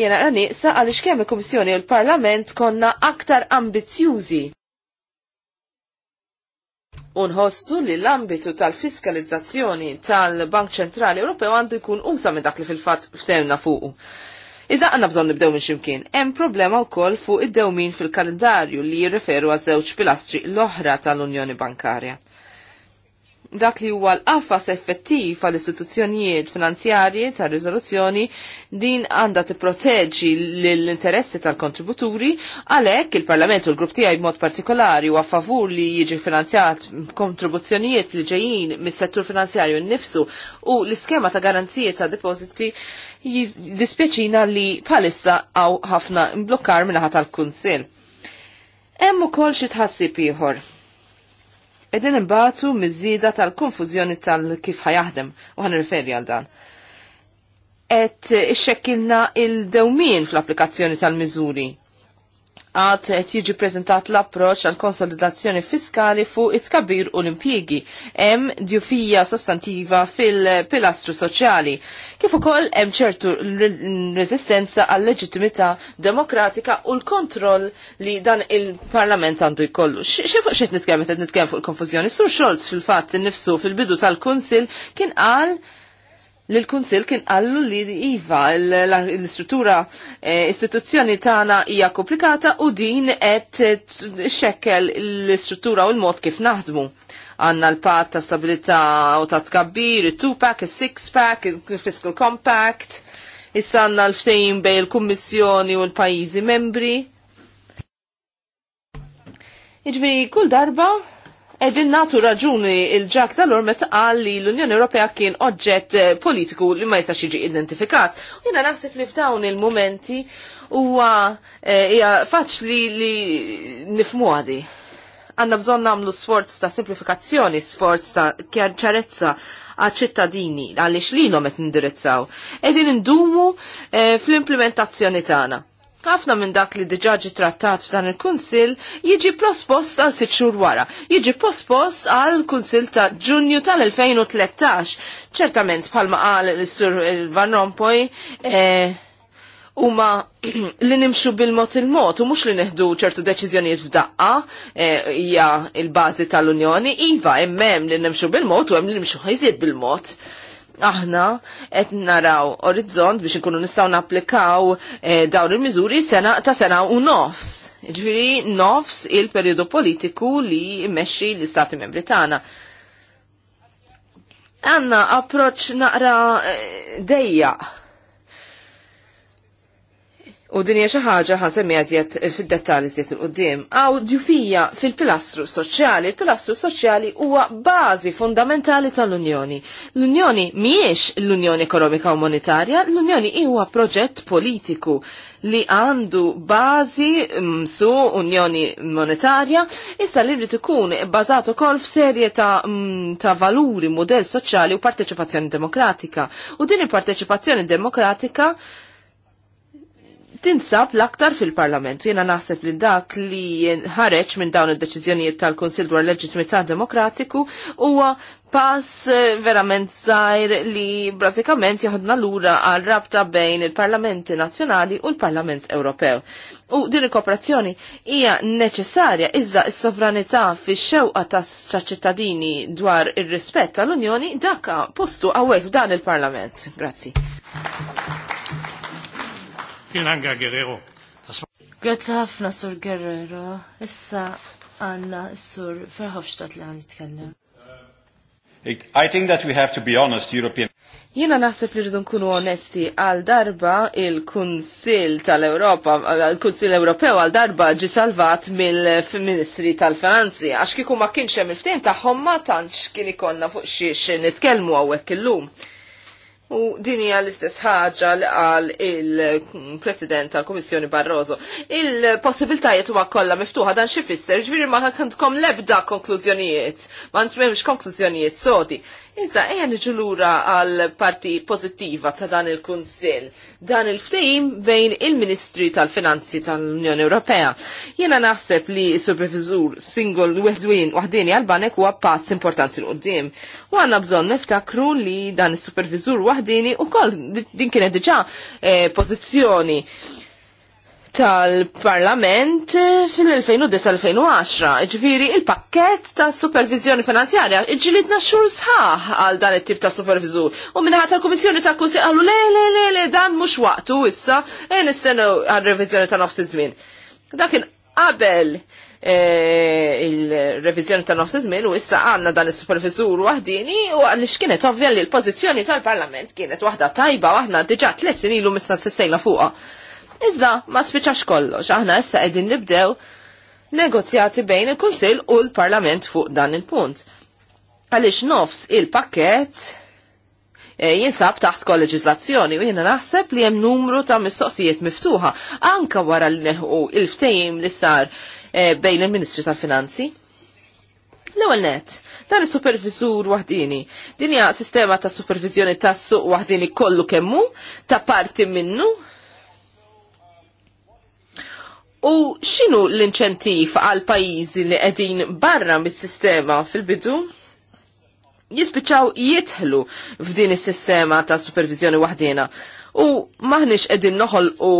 jena raniqsa għaliex kemm il-Kummissjoni u l-Parlament konna aktar ambizzjużi. Unħossu li l-ambitu tal-fiskalizzazzjoni tal-Bank Ċentrali Ewropew għandu jkun usa minn dak li fil-fatt ftemna fuqu. Iżda għanna bżon nibdew minn ximkien. Hemm problema wkoll fuq id-dewmin fil-kalendarju li jirreferu għal żewġ pilastri l-oħra tal-Unjoni Bankarja. Dak li huwa l-qafas effettiv għall istituzzjonijiet finanzjarji tar riżoluzzjoni din għandha tipproteġi l-interessi tal-kontributuri għalhekk il-Parlament u l-grupp tiegħi b'mod partikolari huwa favur li jiġi finanzjat kontribuzzjonijiet li ġejjin mis-settur finanzjarju nnifsu u l-iskema ta' garanzijiet ta' depożiti jiddispjaċina li bħalissa għaw ħafna mblokkar minnaħat tal-Kunsil. Hemm ukoll xi tħassib ieħor. Edin imbatu mizzida tal-konfużjoni tal kif ħajahdem, u referi għal dan et xekkilna il-dewmin fl-applikazzjoni tal-mizuri għad qed jiġi preżentat l-approċċ għal konsolidazzjoni fiskali fuq it-kabir u l-impjiegi. Hemm djufija sostantiva fil-pilastru soċjali. Kif ukoll hemm ċertu reżistenza għal leġittimità demokratika u l-kontroll li dan il-Parlament għandu jkollu. Xi fuq xejn nitkellem qed nitkellem fuq il-konfużjoni. Sur Scholz fil-fatt innifsu fil-bidu tal-Kunsil kien qal l-Kunsil kien għallu li iva l-istruttura e, istituzzjoni tagħna hija komplikata u din qed xekkel l-istruttura u l-mod kif naħdmu. Għanna l-pat ta' stabilita u ta' tkabbir, il-2-pack, il-6-pack, il-fiscal compact, issa l-ftejn bej il-Kummissjoni u l-pajizi membri. Iġveri, kull darba edin natu raġuni il-ġak tal-or meta qal li l-Unjoni Ewropea kien oġġett eh, politiku li ma jistax jiġi identifikat. Jena naħseb li f'dawn il-momenti huwa eh, hija faċli li nifmu għadi. Għanna bżon namlu sforz ta' simplifikazzjoni, sforz ta' ċarezza għal-ċittadini, għal li met nindirizzaw. Edin indumu eh, fl-implementazzjoni tagħna ħafna minn dak li diġaġi trattat f'dan il-Kunsil jiġi prospost għal sitt xhur wara. Jiġi prospost għal Kunsil ta' Ġunju tal-2013. Ċertament bħalma qal is-Sur Van Rompuy eh, huma li nimxu bil-mod il-mod u mhux li neħdu ċertu deċiżjonijiet f'daqqa eh, hija l-bażi tal-Unjoni, iva hemm hemm li nimxu bil-mod u hemm li nimxu ħajżied bil-mod aħna qed naraw orizzont biex inkunu nistgħu napplikaw eh, dawn il-miżuri sena ta' sena u nofs. Ġifieri nofs il-perjodu politiku li jmexxi l-Istati Membri tagħna. Għanna approċ naqra eh, dejja U dinja xi ħaġa ħan semmiha żjed fid dettalji iżjed il-qudiem. Għaw djufija fil-pilastru soċjali. Il-pilastru soċjali huwa bażi fundamentali tal-Unjoni. L-Unjoni mhijiex l-Unjoni Ekonomika u Monetarja, l-Unjoni huwa proġett politiku li għandu bażi mm, su Unjoni Monetarja, issa li rrid ikun bbażat ukoll f'serje ta', mm, ta valuri, modell soċjali u parteċipazzjoni demokratika. U din il-parteċipazzjoni demokratika tinsab l-aktar fil-parlament. Jena naħseb li dak li ħareċ minn dawn id-deċizjonijiet tal-Konsil dwar leġitimità demokratiku huwa pass eh, verament sajr li jahodna l lura għal rabta bejn il-Parlamenti Nazzjonali u l-Parlament Ewropew. U din il-kooperazzjoni hija neċessarja iżda s-sovranità fix-xewqa tas-ċittadini dwar ir-rispett tal-Unjoni dak postu għawek f'dan il-Parlament. Grazzi. Finanga Guerrero. Grazie ħafna, Sur Guerrero. Issa għanna Sur Verhofstadt li għan jitkellem. I think that we have to be honest, European. Jina naħseb li rridu nkunu onesti għal darba il-Kunsil tal-Europa, għal kunsil Ewropew għal darba ġi salvat mill-Ministri tal-Finanzi, għax kiku ma kienx hemm il-ftehim tagħhom ma tantx kien ikonna fuq xi nitkellmu għawek illum. lum U din hija l-istess ħaġa li qal il-President tal-Kummissjoni Barroso. Il-possibiltajiet huma kollha miftuħa dan xi fisser, ġifieri ma kantkom lebda konklużjonijiet, ma ntmemx konklużjonijiet sodi. Iżda, eja niġu lura għal parti pozittiva ta' dan il-Kunsil, dan il-ftejim bejn il-Ministri tal-Finanzi tal-Unjoni Ewropea. Jena naħseb li supervizur single wehdwin wahdini għal-banek huwa pass importanti l-qoddim. U għanna bżon niftakru li dan il-supervizur wahdini u kol din kienet diġa eh, pozizjoni tal-Parlament 2010 2010 ġviri il-pakket ta' supervizjoni finanzjarja, ġilitna xur sħaħ għal dan it-tip ta' supervizu. U minnaħat tal-Komissjoni ta' Kusi għallu le, le, le, le, dan mux waqtu issa, e nistenu għal-revizjoni ta' nofs iż-żmien. Dakin qabel e, il-revizjoni ta' nofs iż u issa għanna dan is-supervizur waħdini u għaliex kienet ovvja li l-pożizzjoni tal-Parlament kienet waħda tajba waħna diġà tliet ilu misna sistejna fuqha. Iżda ma spiċax kollox, aħna issa qegħdin nibdew negozjati bejn il-Kunsill u l-Parlament fuq dan il-punt. Għaliex nofs il-pakket eh, jinsab taħt kolleġizlazzjoni u jiena naħseb li hemm numru ta' mistoqsijiet miftuħa anka wara li neħu il-ftejim li sar eh, bejn il-Ministri tal-Finanzi. L-ewwel net, dan is-supervisur waħdini. Din hija sistema ta' supervizjoni tas-suq waħdini kollu kemmu, ta' parti minnu, U xinu l-inċentiv għal pajizi li qegħdin barra mis-sistema fil-bidu? Jispiċaw jitħlu f'din is-sistema ta' supervizjoni wahdina. U maħniex qegħdin noħol u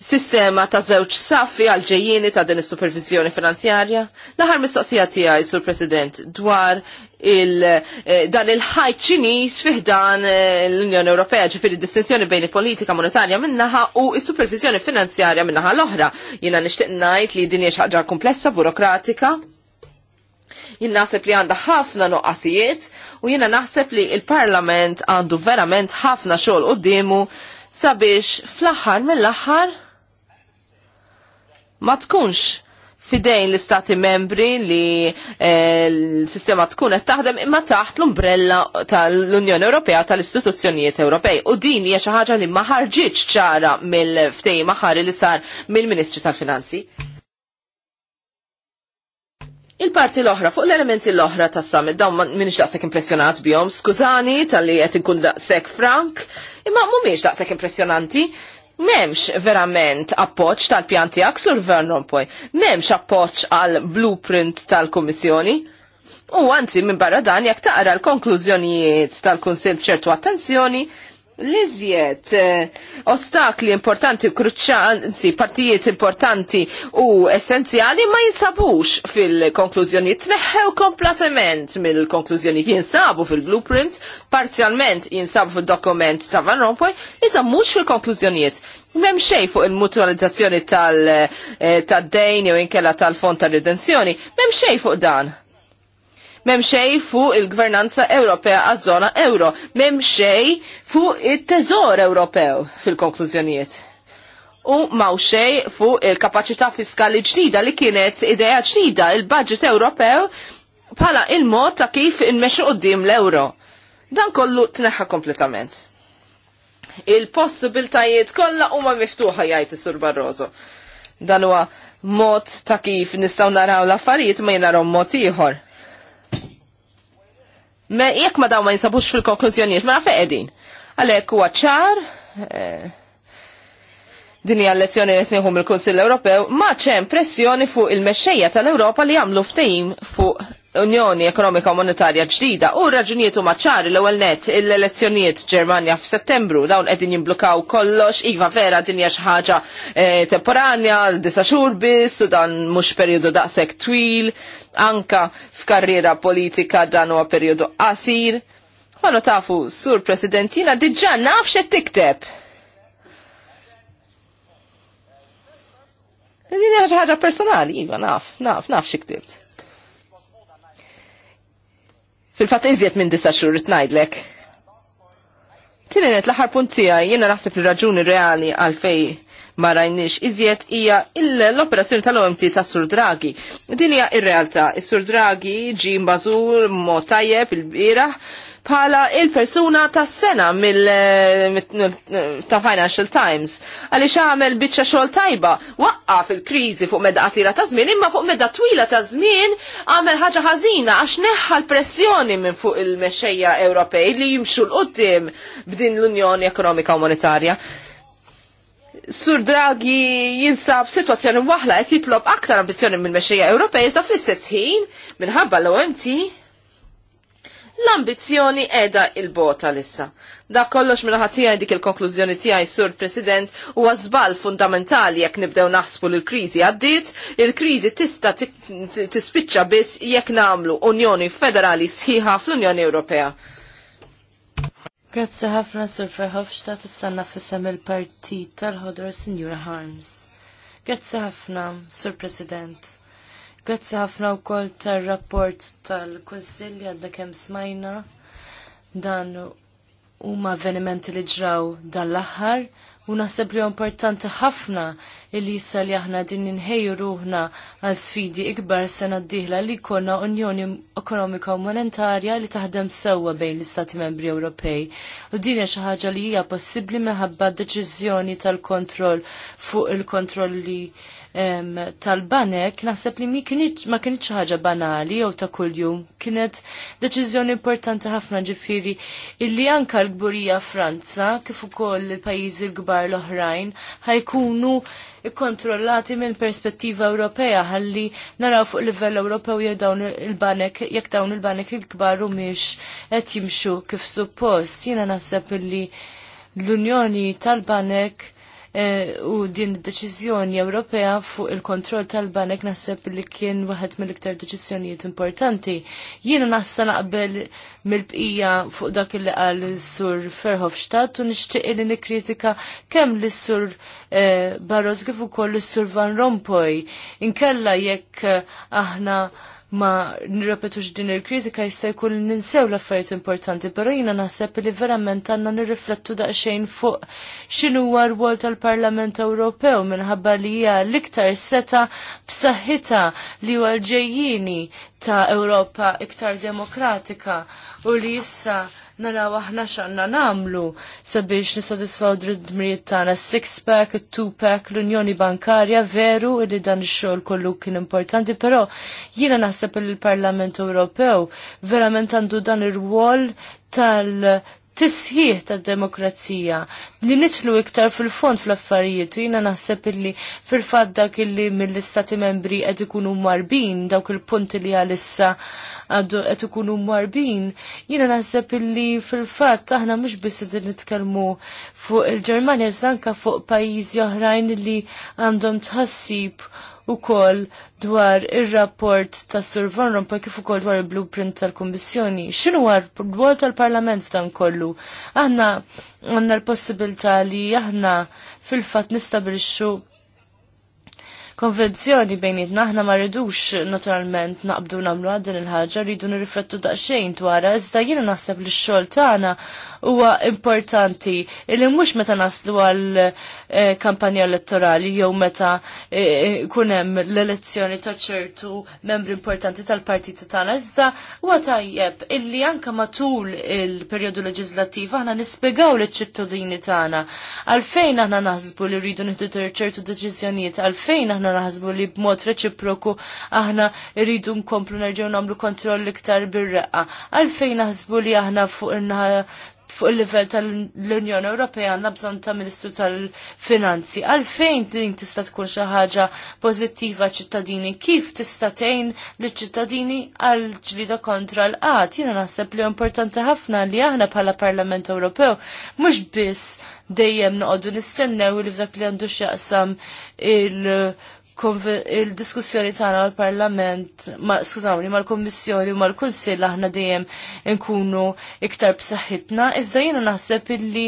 sistema ta' żewġ saffi għal ġejjieni ta' din is-supervizjoni finanzjarja? L-aħħar mistoqsija tiegħi sur President dwar il, eh, dan il-ħajt ċiniż fiħdan eh, l-Unjoni Ewropea ġifieri distinzjoni bejn il-politika monetarja minnaħa u s-supervizjoni finanzjarja minnaħa l-oħra. Jiena nixtieq ngħid li din xaġa ħaġa komplessa burokratika jina naħseb li għandha ħafna nuqqasijiet u jiena naħseb li il-Parlament għandu verament ħafna xogħol qudiemu sabiex fl-aħħar mill-aħħar ma tkunx fidejn l-istati membri li eh, l-sistema tkun qed taħdem imma taħt l-umbrella tal-Unjoni Ewropea tal-istituzzjonijiet Ewropej. U din hija xi ħaġa li ma ħarġitx ċara mill-ftehim maħari li sar mill-Ministri tal-Finanzi. Il-parti l-oħra, fuq l-elementi l-oħra tas summit dawn minix daqsek impressjonat bihom, skużani tal-li qed inkun daqsek frank, imma mhumiex daqsek impressjonanti memx verament appoċ tal-pjan għak sur Vernon Poj, memx appoċ għal blueprint tal-Komissjoni. U għanzi minn barra dan jek taqra l-konklużjonijiet tal-Kunsil bċertu attenzjoni, l eh, ostakli importanti, kruċanzi, partijiet importanti u essenzjali ma jinsabux fil-konklużjoni. Tneħħew kompletament mill-konklużjoni. Jinsabu fil-blueprint, parzjalment jinsabu fil-dokument ta' Van Rompuy, iżda mhux fil-konklużjonijiet. Mem xej fuq il-mutualizzazzjoni tal-dejn tal eh, jew inkella tal-fond tal-redenzjoni, mem xej fuq dan. Mem xej fuq il-gvernanza Ewropea għaż-żona euro. Mem xej fuq it-teżor Ewropew fil-konklużjonijiet. U maw xej fuq il-kapacità fiskali ġdida li kienet ideja ġdida il-budget Ewropew bħala il-mod ta' kif inmexu qoddim l-euro. Dan kollu tneħħa kompletament il-possibiltajiet kollha huma miftuħa jgħid is-Sur Barroso. Dan huwa mod ta' kif nistgħu naraw l-affarijiet ma jinarhom mod ieħor. Ma jek ma daw ma jinsabux fil-konklużjonijiet, ma nafe edin. Għalek huwa ċar, dini eh, din hija lezzjoni li tnieħu mill-Kunsill Ewropew ma ċem pressjoni fuq il-mexxejja tal-Ewropa li jagħmlu ftehim fuq Unjoni Ekonomika Monetarja ġdida u raġunijiet u maċari l-ewwel net l-elezzjonijiet Ġermanja f'Settembru dawn qegħdin jimblukaw kollox iva vera din hija xi ħaġa eh, temporanja l disa xhur biss u dan mhux perjodu daqshekk twil anka f'karriera politika dan huwa perjodu qasir. Ma tafu, Sur President, jiena diġà naf tikteb. Din ħaġa personali, iva naf, naf, naf xi Fil-fatt iżjed minn disa xhur tnajdlek. Tinenet l-aħħar punt tiegħi jiena naħseb li raġuni reali għalfej ma rajniex iżjed hija l-operazzjoni tal-OMT ta' Sur Draghi. Din hija ir-realtà. Is-Sur Draghi ġi mbażur mod tajjeb il-bieraħ bħala il-persuna tas sena mill eh, ta' Financial Times għaliex għamel biċċa xogħol tajba waqqa fil-kriżi fuq medda qasira ta' żmien imma fuq medda twila ta' żmien għamel ħaġa ħażina għax neħħa l-pressjoni minn fuq il-mexxejja Ewropej li jimxu l-qudiem b'din l-Unjoni Ekonomika u Monetarja. Sur Draghi jinsab situazzjoni waħla qed jitlob aktar ambizzjoni mill-mexxejja Ewropej sa fl-istess ħin minħabba l-OMT l-ambizjoni edha il-bota lissa. Da kollox minnaħatija dik il-konklużjoni tiegħi, sur president u għazbal fundamentali jekk nibdew naħsbu l-krizi għaddit, il-krizi tista tispiċċa biss jekk namlu Unjoni Federali sħiħa fl-Unjoni Ewropea. Grazzi ħafna sur Ferħofstadt s-sanna fissam il-partit tal ħodur Signora Harms. Grazzi ħafna, Sur President. Grazzi ħafna wkoll tar-rapport tal-Kunsill għadda kemm smajna dan huma avvenimenti li ġraw dan l-aħħar u naħseb li importanti ħafna illi issa li aħna din ninħejju ruħna għal sfidi ikbar sena d li jkollna Unjoni Ekonomika u Monetarja li taħdem sewwa bejn l-Istati Membri Ewropej. U din hija xi ħaġa li hija possibbli minħabba deċiżjoni tal-kontroll fuq il-kontrolli tal-banek naħseb li ma kienx ħaġa banali jew ta' kuljum. Kienet deċiżjoni importanti ħafna ġifieri illi anka l-gburija Franza kif ukoll il-pajjiżi l-kbar l-oħrajn ħajkunu kontrollati minn perspettiva Ewropea ħalli naraw fuq livell Ewropew jekk dawn il-banek jekk dawn il-banek il-kbar mhix qed jimxu kif suppost. Jiena naħseb illi l-Unjoni tal-Banek Eh, u din id-deċiżjoni Ewropea fuq il-kontroll tal-banek naħseb li kien waħed mill-iktar deċiżjonijiet importanti. Jiena nasta naqbel mill-bqija fuq dak li qal sur Ferhofstadt u nixtieq li nikkritika kemm lis sur eh, Barroż kif ukoll lis sur Van Rompuy. Inkella jekk eh, aħna ma nirrepetux din il-kritika jista' jkun ninsew l-affarijiet importanti, però jiena naħseb li verament għandna nirriflettu daqsxejn fuq x'inhu huwa rwol tal-Parlament Ewropew minħabba li hija l-iktar seta b'saħħitha li huwa l-ġejjini ta' Ewropa iktar demokratika u li issa naraw aħna x'għandna nagħmlu sabiex nisodisfaw dmirijiet tagħna six pack, two pack, l-Unjoni Bankarja veru li dan ix-xogħol kollu kien importanti, però jiena naħseb li parlament Ewropew verament għandu dan ir wol tal tisħiħ ta' demokrazija li nitlu iktar fil-fond fl-affarijiet u jina naħseb illi fil-fat dak illi mill-istati membri qed ikunu marbin dawk il-punti li għalissa għaddu qed ikunu marbin jina naħseb illi fil-fat aħna mhux biss id nitkellmu fuq il-Ġermanja anke fuq pajjiżi oħrajn li għandhom tħassib Koll dwar ir-rapport ta' Sir Von Rompuy kif ukoll dwar il-blueprint tal-Kummissjoni. X'inhu għar dwar tal-Parlament f'dan kollu? Aħna għandna l-possibilità li aħna fil-fatt nistabilixxu konvenzjoni bejnietna aħna ma rridux naturalment naqbdu nagħmlu din il-ħaġa rridu nirriflettu daqsxejn dwarha iżda jiena naħseb li x-xogħol tagħna huwa importanti illi mhux meta naslu għal eh, kampanja elettorali jew meta eh, kun hemm l-elezzjoni ta' ċertu membri importanti tal-partiti tagħna iżda huwa tajjeb illi anke matul il-perjodu leġislattiv aħna nispjegaw liċ-ċittadini tagħna għalfejn aħna naħsbu li rridu nieħdu ċertu deċiżjonijiet għalfejn aħna aħna naħsbu li b'mod reċiproku aħna rridu nkomplu nerġgħu nagħmlu kontroll iktar bir-reqqa. Għalfejn naħsbu li aħna fuq in fuq il-level tal-Unjoni Ewropea għandna bżonn ta' Ministru tal-Finanzi. Għalfejn din tista' tkun xi ħaġa pożittiva ċittadini? Kif tista' tgħin liċ-ċittadini għal ġlida kontra l-qat? Jiena naħseb li importanti ħafna li aħna bħala Parlament Ewropew mhux biss dejjem noqogħdu nistennew li f'dak li għandu x'jaqsam il- il-diskussjoni tagħna mal-Parlament, ma, skużawni, mal-Kommissjoni u mal-Kunsill aħna dejjem nkunu iktar b'saħħitna, iżda jiena naħseb illi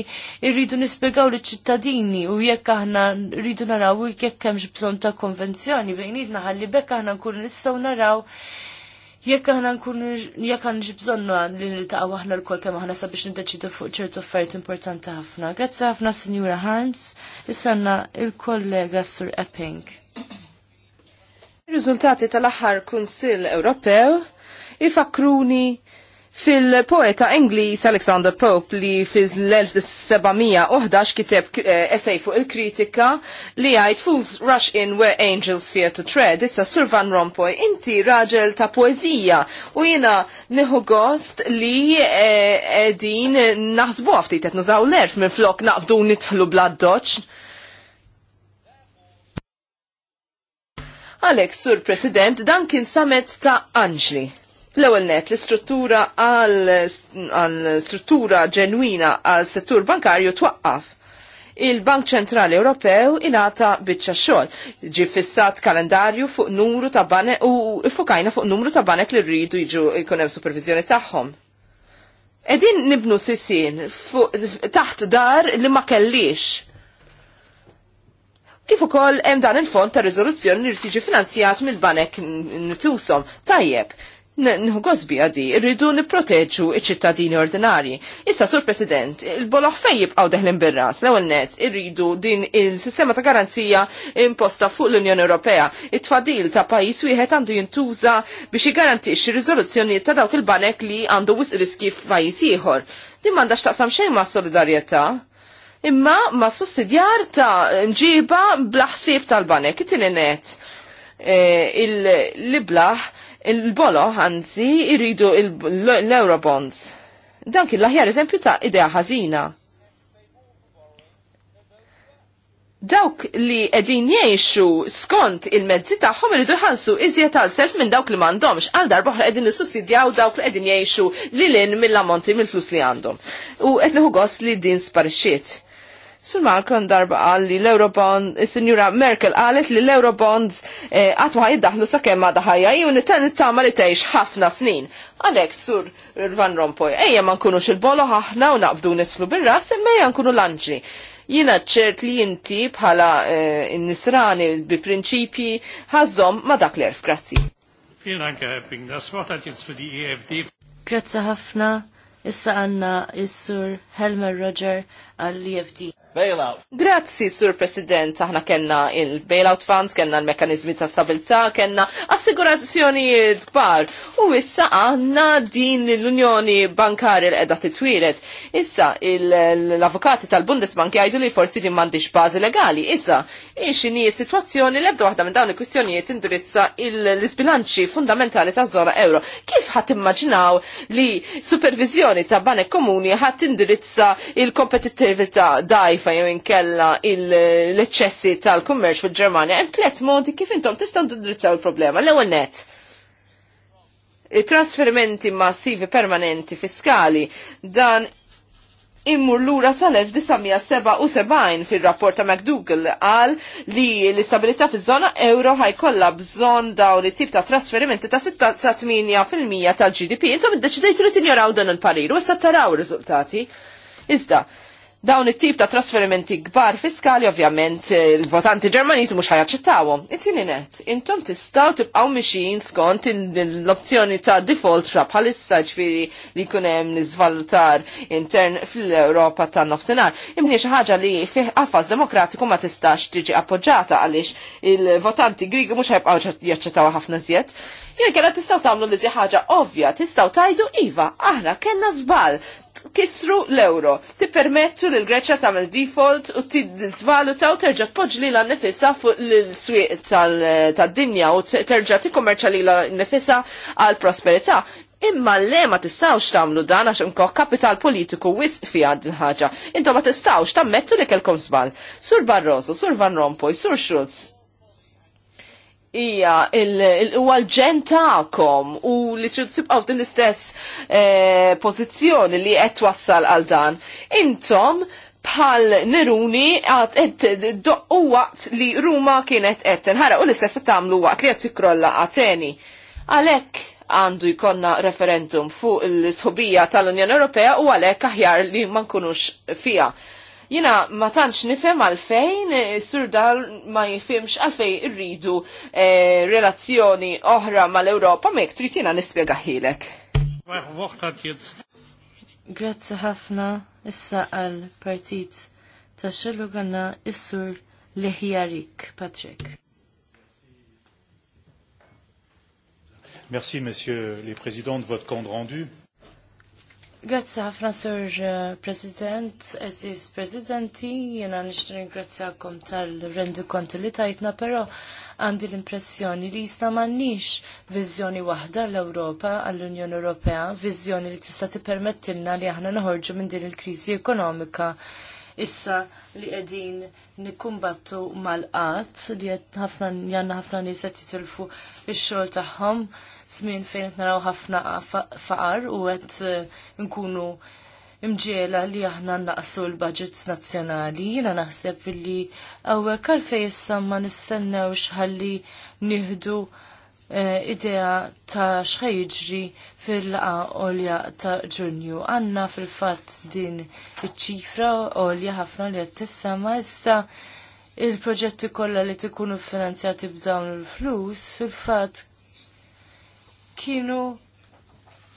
rridu nispjegaw liċ-ċittadini u jekk aħna rridu naraw jekk hemmx bżonn ta' konvenzjoni bejnietna ħalli bekk aħna nkunu nistgħu naraw jekk aħna nkunu jekk għandna bżonnu li niltaqgħu aħna lkoll kemm aħna sabiex niddeċidu fuq ċertu affarijiet importanti ħafna. Grazzi ħafna Sinjura Harms, issanna il-kollega Sur Epping. Ir-riżultati tal-aħħar Kunsill Ewropew ifakruni Fil-poeta Ingliż Alexander Pope li fil-1711 kiteb eh, essay fuq il-kritika li għajt Fools Rush In Where Angels Fear to Tread, issa Sir Van Rompuy, inti raġel ta' poezija u jina niħu gost li eh, edin naħsbu għafti qed nużaw l-erf minn flok naqbdu nitħlu doċ. Alex, Sur President, dan kien samet ta' Anġli L-ewwel net, l-istruttura għal-struttura ġenwina għal-settur bankarju twaqqaf il-Bank Ċentrali Ewropew ingħata biċċa xogħol. Ġi fissat kalendarju fuq numru ta' banek u fukajna fuq numru ta' banek li rridu jiġu jkun hemm supervizjoni tagħhom. Edin nibnu sisin taħt dar li ma kellix. Kif ukoll hemm dan il-fond ta' riżoluzzjoni li jiġi finanzjat mill-banek nfushom. Tajjeb, nħu għosbi għadi, rridu niproteġu iċ-ċittadini ordinari. Issa, sur President, il-boloħ fej jibqaw deħlin birras, l ewwel net, irridu din il-sistema ta' garanzija imposta fuq l-Unjoni Ewropea. it fadil ta' pajis wieħed għandu jintuża biex jgarantix rizoluzzjoni ta' dawk il-banek li għandu wis riski f'pajis ieħor. Din m'għandax taqsam xejn ma' solidarjetà imma ma' sussidjar ta' mġiba blaħsib tal-banek, it-tini net. Eh, il-liblaħ il-bolo għanzi irridu l-Eurobonds. Dan kien l-aħjar eżempju ta' idea ħażina. Dawk li qegħdin jgħixu skont il-mezzi tagħhom iridu ħansu iżjed għal self minn dawk li m'għandhomx għal darba oħra qegħdin nissussidjaw dawk li qegħdin jgħixu lilin mill-ammonti mill-flus li għandhom. U qed gost li din sparixxiet Sur Malcolm darba qal li l-Eurobond, il-Sinjura Merkel qalet li l-Eurobonds eh, għatma jiddaħlu sa' kemma daħajja, ju nittan it-tama li teħx ħafna snin. Għalek, sur Rvan Rompuy, ejja ma kunux il-bolo ħahna u naqbdu nitlu bil-ras, imma ejja nkunu lanġi. Jina ċert li jinti bħala eh, n nisrani bi prinċipji ħazzom ma dak l-erf, grazzi. E grazzi ħafna. Issa għanna is-sur Helmer Roger għall-EFT. Bailout. Grazzi, Sur President, aħna kenna il-bailout funds, kenna l-mekanizmi ta' stabilta, kenna assigurazzjonijiet kbar. U issa għanna din l-Unjoni Bankari l-edha titwilet. Issa l-avukati tal-Bundesbank jgħidu li forsi li mandiġ bazi legali. Issa, ixini situazzjoni li ebda waħda minn dawn il-kwistjonijiet indirizza l-isbilanċi fundamentali ta' zona euro. Kif ħat immaġinaw li supervizjoni ta' banek komuni ħat indirizza il-kompetitiv Attività dajfa jew inkella l-eċċessi tal-kummerċ fil-Ġermanja, hemm tliet modi kif intom tistgħu tidrizzaw il-problema. L-ewwel net. Trasferimenti massivi permanenti fiskali dan immur lura sal-1977 fil-rapport ta' McDougall għal li l-istabilità fi zona euro ħajkolla bżon dawn it-tip ta' trasferimenti ta' 6-8% tal-GDP. Intom id-deċidejtu li tinjoraw dan il-parir u issa taraw riżultati. Iżda, Dawn it-tip ta' trasferimenti kbar fiskali ovvjament il-votanti Ġermaniżi mhux ħajaċċettawhom. It-tieni net, intom tistgħu tibqgħu mixin skont l-opzjoni ta' default ta' bħalissa ġifieri li jkun hemm niżvalutar intern fl-Ewropa ta' nofsinhar. Imni xi ħaġa li fih qafas demokratiku ma tistax tiġi appoġġata għaliex il-votanti Grigi mhux ħajbqgħu jaċċettawha ħafna żjed. Jien kellha tistgħu tagħmlu li ħaġa ovvja, tistgħu tajdu iva, aħna kellna żball Kisru l-euro, tippermettu li l-Greċja tagħmel default u tiżvalu taw terġa' tpoġġli l nifisa fuq l-swieq tad-dinja u terġa' tikkommerċali l nifisa għal prosperità. Imma le ma tistawx tamlu dan għax imko kapital politiku wisq fi għad ħaġa. ħagġa Intom ma tistawx tammettu li kelkom zbal. Sur Barroso, Sur Van Rompuy, Sur Schultz, hija uwa l-ġen tagħkom u li t-ċud tibqgħu din l-istess eh, pożizzjoni li qed twassal għal dan. Intom bħal Neruni għad doqqu waqt li Ruma kienet qed nħara u l-istess qed tagħmlu waqt li qed tikrolla Ateni. Għalhekk għandu jkonna referendum fuq l-sħobija tal-Unjoni Ewropea u għalhekk aħjar li ma nkunux fiha Jina ma tantx nifhem għalfejn eh, sur dal ma jifhimx għalfejn irridu eh, relazzjoni oħra mal-Ewropa mek trid jiena nispjega ħilek. Grazzi ħafna issa għal partit ta' xellu għanna issur liħjarik, Patrick. Merci, Monsieur le Président, de votre compte rendu. Grazzi ħafna Sur uh, President, Eżis Presidenti, jena nishtin ringrazzjakom tal-rendu konti li tajtna, pero għandi l-impressjoni li jisna mannix vizjoni wahda l-Europa, għall-Unjoni Ewropea, vizjoni li tista' tippermettilna li aħna noħorġu minn din il-kriżi ekonomika issa li qegħdin nikkumbattu mal-qatt li qed ħafna janna ħafna nies qed jitilfu ix-xogħol tagħhom smin fejn qed naraw ħafna faqar u qed eh, nkunu mġiela li aħna naqsu l-budgets nazzjonali, jiena naħseb li hawnhekk għalfejn issa ma nistennewx ħalli nieħdu eh, idea ta' xħajġri fil-laqa olja ta' ġunju. Għanna fil-fat din iċ-ċifra olja ħafna li għattissa ma' issa il-proġetti kollha li tikunu finanzjati b'dawn il-flus fil-fat kienu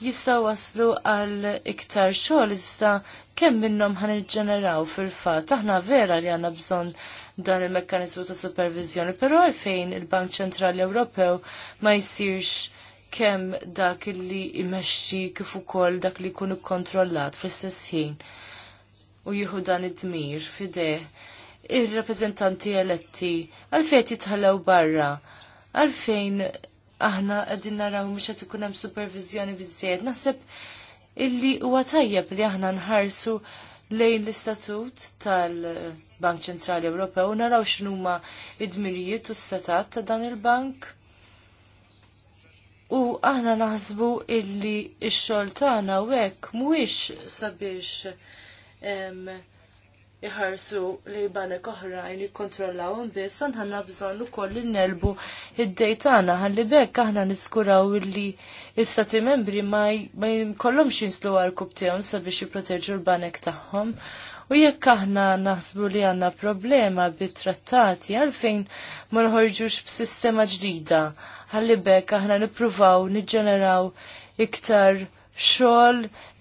jistaw waslu għal iktar xogħol iżda kemm minnhom ħan iġġeneraw fil-fatt aħna vera li għandna bżonn dan il-mekkanizmu ta' supervizjoni, però għalfejn il-Bank Ċentrali Ewropew ma jsirx kemm dak li imexxi kif ukoll dak li jkun ikkontrollat fl-istess ħin u jieħu dan id-dmir fideh ir rappreżentanti eletti għalfejn jitħallew barra għalfejn aħna qegħdin naraw mhux qed ikun hemm supervizjoni biżjed. Naħseb illi huwa tajjeb li aħna nħarsu lejn l-istatut tal-Bank Ċentrali Ewropew u naraw x'numa id-dmirijiet u s-setat ta' dan il-bank. U aħna naħsbu illi x-xogħol tagħna hekk mhuwiex sabiex iħarsu li banek oħrajn jikkontrollawhom biss għandna bżonn ukoll il nelbu id dejtana tagħna ħalli bekk aħna niskuraw li l-istati membri ma jkollhomx jinslu għarkub tiegħhom sabiex jipproteġu l-banek tagħhom. U jekk aħna naħsbu li għandna problema bit-trattati għalfejn ma nħorġux b'sistema ġdida ħalli bekk aħna nippruvaw niġġeneraw iktar xogħol,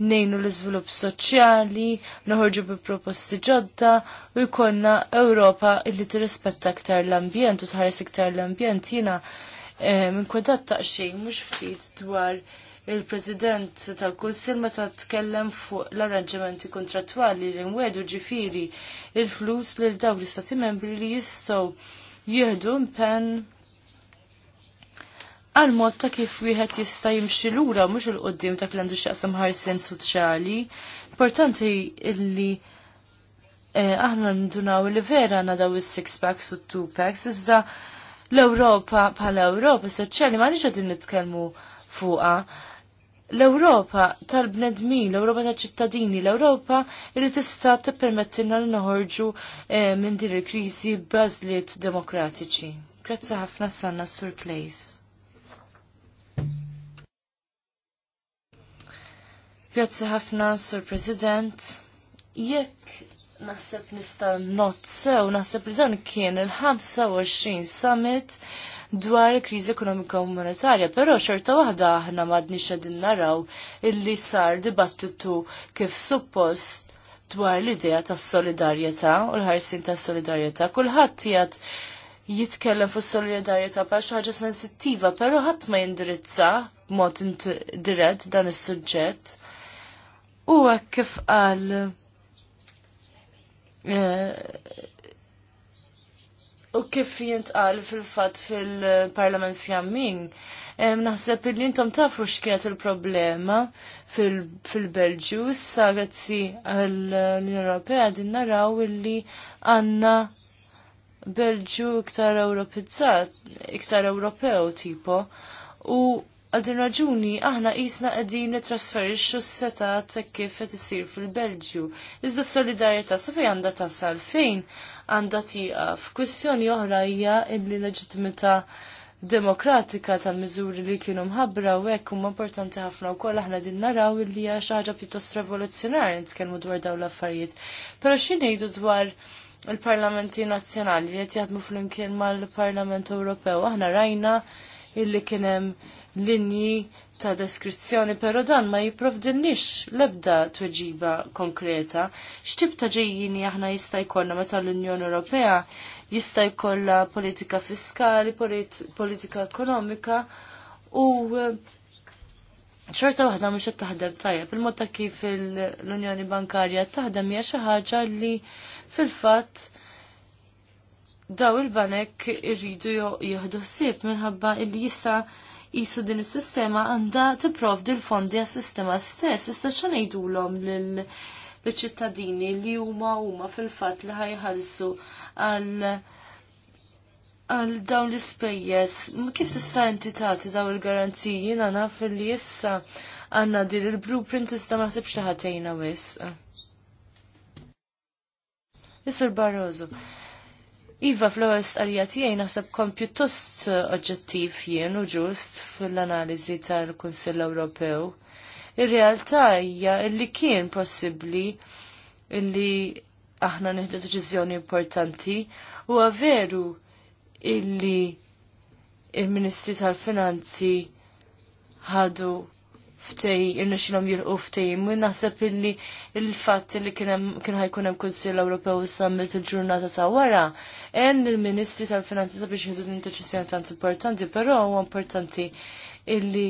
nejnu l-iżvilupp soċjali, noħorġu bi proposti ġodda u jkollna Ewropa illi tirrispetta aktar l-ambjent u tħares iktar l-ambjent jiena eh, minn kwedat taqxej mhux ftit dwar il-President tal-Kunsil meta tkellem fuq l-arranġamenti kontrattwali li nwedu ġifiri il-flus lil dawk l-istati membri li jistgħu jieħdu impenn għal mod ta' kif wieħed jista' jimxi lura mhux il qoddim ta' għandu x'jaqsam ħarsien soċjali. Importanti illi eh, aħna ndunaw li vera għandna daw is-six packs u two packs iżda l-Ewropa bħala Ewropa soċjali ma nix qegħdin nitkellmu fuqha. L-Ewropa tal-bnedmin, l-Ewropa tal-ċittadini, l-Ewropa li tista' tippermettilna li noħorġu eh, minn din il-kriżi b'bażliet demokratiċi. Grazzi ħafna sanna Sur Klejs. Grazzi ħafna, Sur President. Jekk naħseb nista' not sew, naħseb li dan kien il-25 summit dwar kriżi ekonomika u monetarja, però xorta waħda aħna madni xedin naraw illi sar dibattitu kif suppost dwar l-idea ta' solidarjetà u l-ħarsin ta' solidarjetà. Kulħadd jgħat jitkellem fuq solidarjetà bħal xi ħaġa sensittiva, però ħadd ma jindirizza b'mod dirett dan is-suġġett. U hekk kif qal eh, u kif għal fil-fatt fil-Parlament fjamming, eh, naħseb il intom tafru x'kienet il-problema fil-Belġju, issa grazzi għall-Unjoni Ewropea din naraw illi għandna Belġu iktar Ewropizzat, iktar Ewropew tipo, u Għal din raġuni aħna qisna qegħdin nitrasferixxu s-seta ta' kif qed isir fil-Belġju. Iżda s-solidarjetà sa fejn għandha tasal fejn għandha tieqaf. Kwistjoni oħra hija illi leġittimità demokratika tal-miżuri li kienu mħabbra u hekk huma importanti ħafna wkoll aħna din naraw illi hija xi ħaġa pjuttost rivoluzzjonarja nitkellmu dwar dawn l-affarijiet. Però xi ngħidu dwar il-parlamenti nazzjonali li qed jaħdmu flimkien mal-Parlament Ewropew aħna rajna illi kien hemm linji ta' deskrizzjoni, pero dan ma jiprovdilnix lebda tweġiba konkreta. X'tib ta' ġejjini aħna jista' jkollna meta l-Unjoni Ewropea jista' jkollha politika fiskali, polit politika ekonomika u ċerta eh, waħda mhux qed taħdem tajjeb. Il-mod ta' kif l-Unjoni Bankarja taħdem hija xi ħaġa li fil-fatt daw il-banek irridu jieħdu ħsieb minħabba li jista' jisu din is-sistema għandha tipprovdi l-fondi għas-sistema stess, issa x'ngħidulhom lill-ċittadini li huma huma fil-fatt li ħajħallsu għal għal dawn l-ispejjeż. Kif tista' entitati dawn il-garanziji jiena naf li issa għandna din il-blueprint jista ma ħsibx ħatejna wisq. Isur Barroso, Iva fl-ewwel stqarrija tiegħi naħseb kon pjuttost eh, oġġettiv jien u ġust fil-analiżi tal-Kunsill Ewropew. Ir-realtà hija li kien possibbli illi aħna nieħdu deċiżjoni importanti u veru illi il-Ministri tal-Finanzi ħadu ftej il-naxilom jirqu ftej. Mwen naħseb illi il-fat li kienu ħajkun hemm Kunsill Ewropew summit il-ġurnata ta' wara, en il-Ministri tal-Finanzi sabiex jħidu din deċiżjoni tant importanti, però huwa importanti illi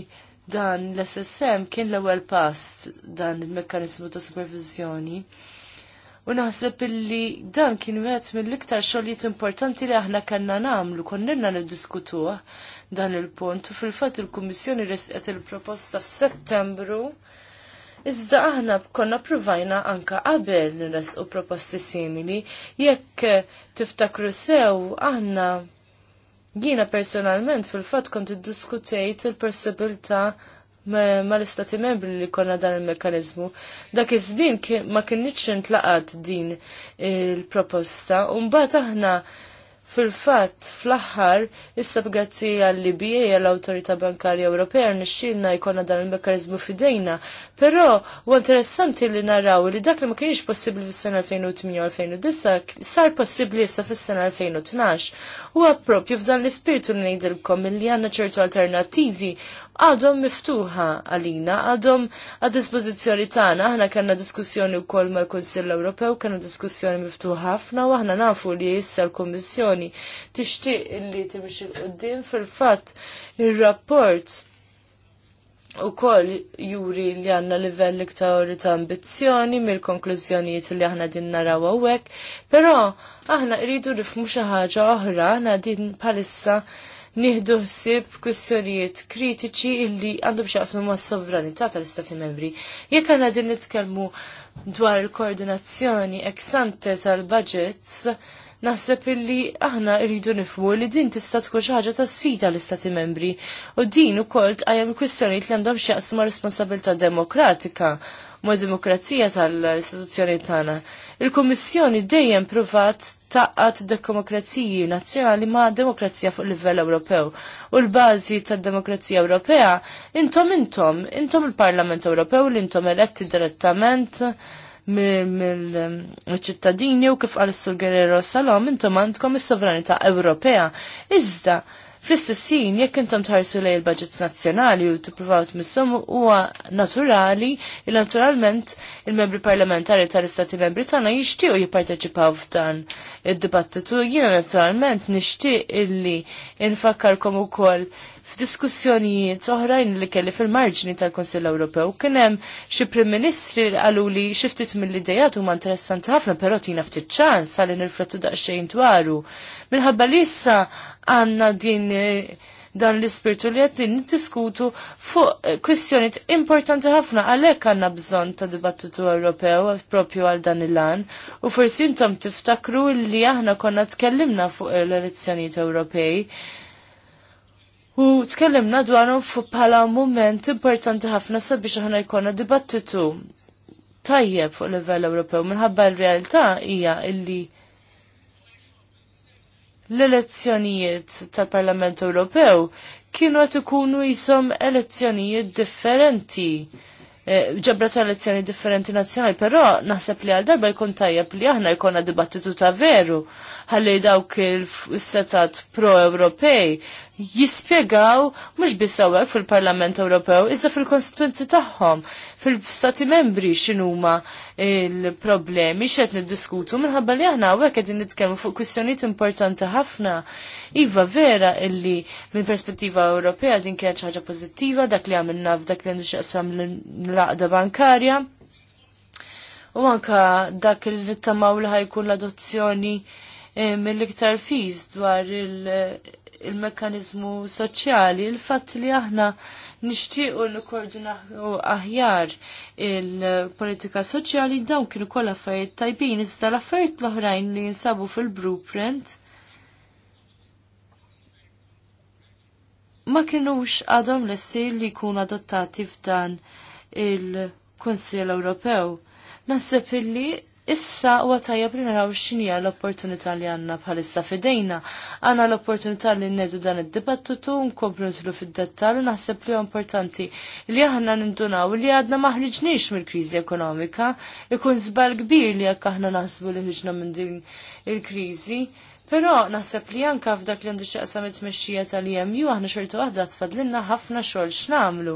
dan l-SSM kien l-ewwel pass dan il-mekkaniżmu ta' supervizjoni U naħseb illi dan kien wieħed mill-iktar xogħlijiet importanti li aħna kellna nagħmlu, konninna niddiskutuh dan il-punt u fil-fatt il-Kummissjoni resqet il-proposta f'Settembru. Iżda aħna konna provajna anka qabel nresqu proposti simili, jekk tiftakru sew aħna jiena personalment fil-fatt kont iddiskutejt il-possibilità il possibilità Ma l istati membri li konna dan il-mekanizmu. Dak iż-żmien ma kienniċ intlaqat din il-proposta, u mbagħad aħna Fil-fatt, fl-aħħar, issa b'grazzi għall-IBA għall awtorità Bankarja Ewropea nixxilna jkollna dan il mekanizmu fidejna. Però u interessanti li naraw li dak li ma kienx possibbli fis-sena 2008-2009 sar possibbli issa fis-sena 2012. U għappropju f'dan l-ispirtu li ngħidilkom li għandna ċertu alternattivi għadhom miftuħa għalina, għadhom għad dispozizjoni tagħna, aħna kellna diskussjoni wkoll mal-Kunsill Ewropew, kanna diskussjoni miftuħa ħafna u aħna nafu li issa l-Kummissjoni tixtieq li timxi il qudiem fil-fatt ir-rapport u kol juri li għanna livell iktar ta' ambizjoni mill-konklużjonijiet li aħna din naraw għawek, pero aħna rridu rifmu xi ħaġa oħra, aħna din palissa nieħdu ħsieb kwistjonijiet kritiċi illi għandhom x'jaqsmu mas-sovranità tal-Istati Membri. Jekk għandna din nitkellmu dwar il-koordinazzjoni ex ante tal-budgets, naħseb illi aħna rridu nifmu li din tista' tkun xi ħaġa ta' sfida l-Istati Membri u din ukoll tqajjem kwistjonijiet li għandhom x'jaqsmu responsabilità demokratika ma' demokrazija tal-istituzzjoni tagħna il-Kummissjoni dejjem provat taqqat demokraziji nazzjonali ma' demokrazija fuq livell Ewropew. U l-bażi tad-demokrazija Ewropea intom intom, intom il-Parlament Ewropew li intom eletti direttament mill-ċittadini u kif għal Guerrero Salom intom għandkom is-sovranità Ewropea. Iżda Fl-istessin, jekk intom tħarsu lej il-budgets nazzjonali u tippruvaw tmissom huwa naturali il naturalment il-membri parlamentari tal-istati membri tagħna jixtiequ jipparteċipaw f'dan id-dibattitu. Jiena naturalment nixtieq illi infakkarkom ukoll f'diskussjonijiet oħrajn li kelli fil-marġni tal-Konsill Ewropew kien hemm xi Prim Ministri li qalu li xi ftit mill-idejat huma interessanti ħafna però tina ftit ċans għalli nirflettu daqsxejn dwaru. Minħabba li issa għanna din eh, dan l-ispirtu li għattin nittiskutu fuq eh, kwestjoniet importanti ħafna għalek għanna bżon ta' dibattitu Ewropew propju għal dan il-lan u forsi intom tiftakru li aħna konna tkellimna fuq l-elezzjoniet Ewropej u tkellimna dwarhom fuq bħala moment importanti ħafna sabiex aħna jkollna dibattitu tajjeb fuq livell Ewropew minħabba l-realtà hija illi l-elezzjonijiet tal-Parlament Ewropew kienu għat ikunu jisom elezzjonijiet differenti. E, ġabra ta' elezzjoni differenti nazzjonali, però naħseb li għal darba jkun tajjeb li aħna jkollna dibattitu ta' veru ħalli dawk il-setat pro-Ewropej jispjegaw mhux biss fil-Parlament Ewropew iżda fil-konstituenti tagħhom fil-stati membri x'inhuma il-problemi x'qed niddiskutu minħabba li aħna hawnhekk għedin nitkellmu fuq kwistjonijiet importanti ħafna. Iva vera illi minn perspettiva Ewropea din kienet xi ħaġa pożittiva dak li għamilna f'dak li għandu xaqsam l-laqda bankarja. U anka dak li tamaw li ħajkun l-adozzjoni Eh, mill-iktar fiż dwar il-mekkanizmu soċjali, il-fatt li aħna nixtiequ nikkoordinaw aħjar il-politika soċjali dawn kienu kol affarijiet tajbin, iżda l-affarijiet l-oħrajn li jinsabu fil-blueprint ma kienux għadhom lessi li jkunu adottati f'dan il-Kunsill Ewropew. Naħseb illi Issa huwa għatajja li naraw x'inhija l-opportunità li għandna bħalissa fidejna. Għandna l-opportunità li nnedu dan id dibattutu nkomplu nidħlu fid-dettall u naħseb li importanti li aħna nindunaw li għadna ma ħriġniex mill-kriżi ekonomika, ikun zbal kbir li jekk aħna naħsbu li ħriġna minn din il-kriżi. il krizi il kriżi Però naħseb li anka f'dak li għandu xaqsam it-tmexxija tal-EMU aħna xorta waħda tfadlinna ħafna xol x'namlu.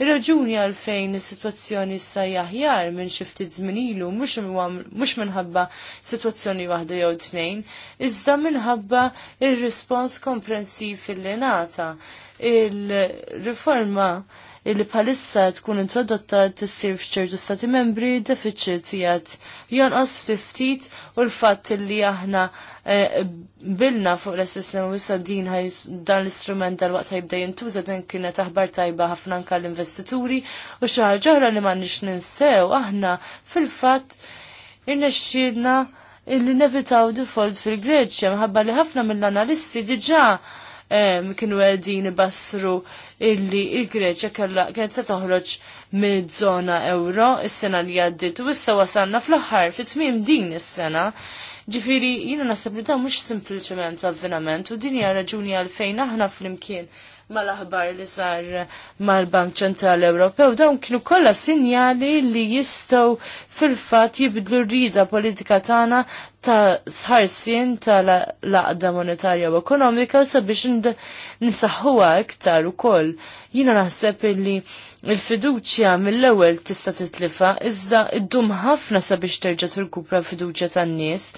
Ir-raġuni għalfejn is-sitwazzjoni issa jaħjar minn xi ftit żmien ilu mhux minħabba sitwazzjoni waħda jew tnejn, iżda minħabba il rispons komprensiv fil-lenata. Il-riforma il reforma il riforma illi bħalissa tkun introdotta tissir f'ċertu stati membri deficit jgħat jonqos ftit u l-fatt illi aħna eh, bilna fuq l-assistem u issa din dan l-istrument dal-waqt ħajbda jintuża din kienet aħbar tajba ħafna anka l-investituri u xi ħaġa li m'għandniex ninsew aħna fil-fatt irnexxielna illi nevitaw default fil-Greċja minħabba li ħafna mill-analisti diġà kienu għedin basru illi il-Greċja kienet se toħroġ mid zona euro is-sena li għaddit u issa wasalna fl-aħħar fit-tmiem din is-sena. Ġifiri, jina nasib li ta' mux simpliċement avvenament u din hija raġuni għalfejn aħna fl-imkien mal-aħbar li sar mal-Bank Ċentrali Ewropew, dawn kienu kollha sinjali li jistgħu fil-fatt jibdlu rrida politika tagħna ta' sħarsien tal-laqda monetarja u ekonomika sabiex nisaħħuha iktar ukoll. Jiena naħseb li il-fiduċja mill-ewwel tista' titlifa iżda ddum ħafna sabiex terġa' tirkupra fiduċja tan-nies.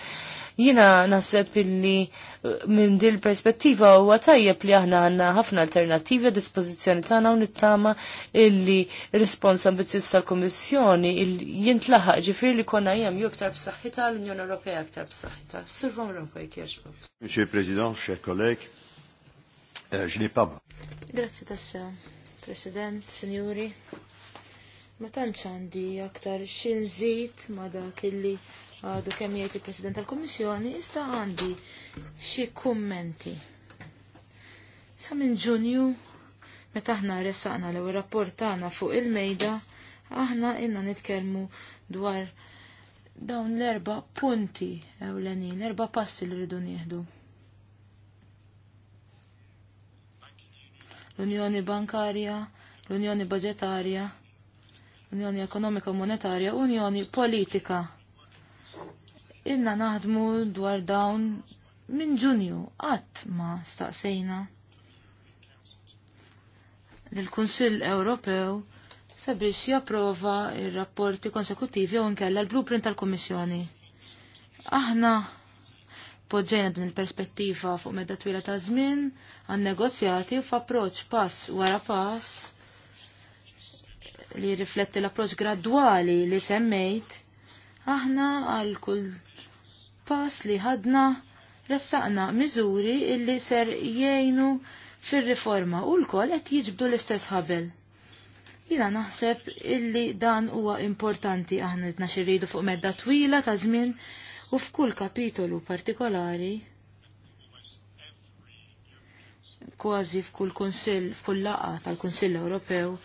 Jina naħseb illi uh, minn dil perspettiva huwa tajjeb li aħna għandna ħafna alternattivi u dispozizjoni tagħna u nittama illi rispons ambizzjuż tal-Kummissjoni jintlaħaq ġifir li konna hemm aktar iktar b'saħħitha l-Unjoni Ewropea aktar b'saħħita. Sir Van Rompuy kieġbok. Monsieur President, chers kolleg, euh, je pab. Grazie tassa, President, Signori. Ma tantx għandi aktar xinżid ma dak illi għadu kemm jgħid il-President tal-Kummissjoni, iżda għandi xi kummenti. Sa minn Ġunju, meta aħna ressaqna l-ewwel rapport tagħna fuq il-mejda, aħna inna nitkellmu dwar dawn l-erba punti ewlenin, l-erba passi li rridu nieħdu. L-Unjoni Bankarja, l-Unjoni Budgetarja, l-Unjoni Ekonomika Monetarja, Unjoni Politika Inna naħdmu dwar dawn minn ġunju qatt ma staqsejna l-Kunsill Ewropew sabiex japprova il rapporti konsekutivi u nkella l-blueprint tal-Kummissjoni. Aħna poġġejna din il-perspettiva fuq medda twila ta' żmien għan negozjati u f'approċċ pass wara pass li rifletti l-approċċ gradwali li semmejt aħna għal kull pass li ħadna ressaqna miżuri illi ser jgħinu fir-riforma u l-kol qed jiġbdu l-istess ħabel. Jina naħseb illi dan huwa importanti aħna qed naxirridu fuq medda twila ta' żmien u f'kull kapitolu partikolari kważi f'kull kunsill f'kull laqa tal-Kunsill Ewropew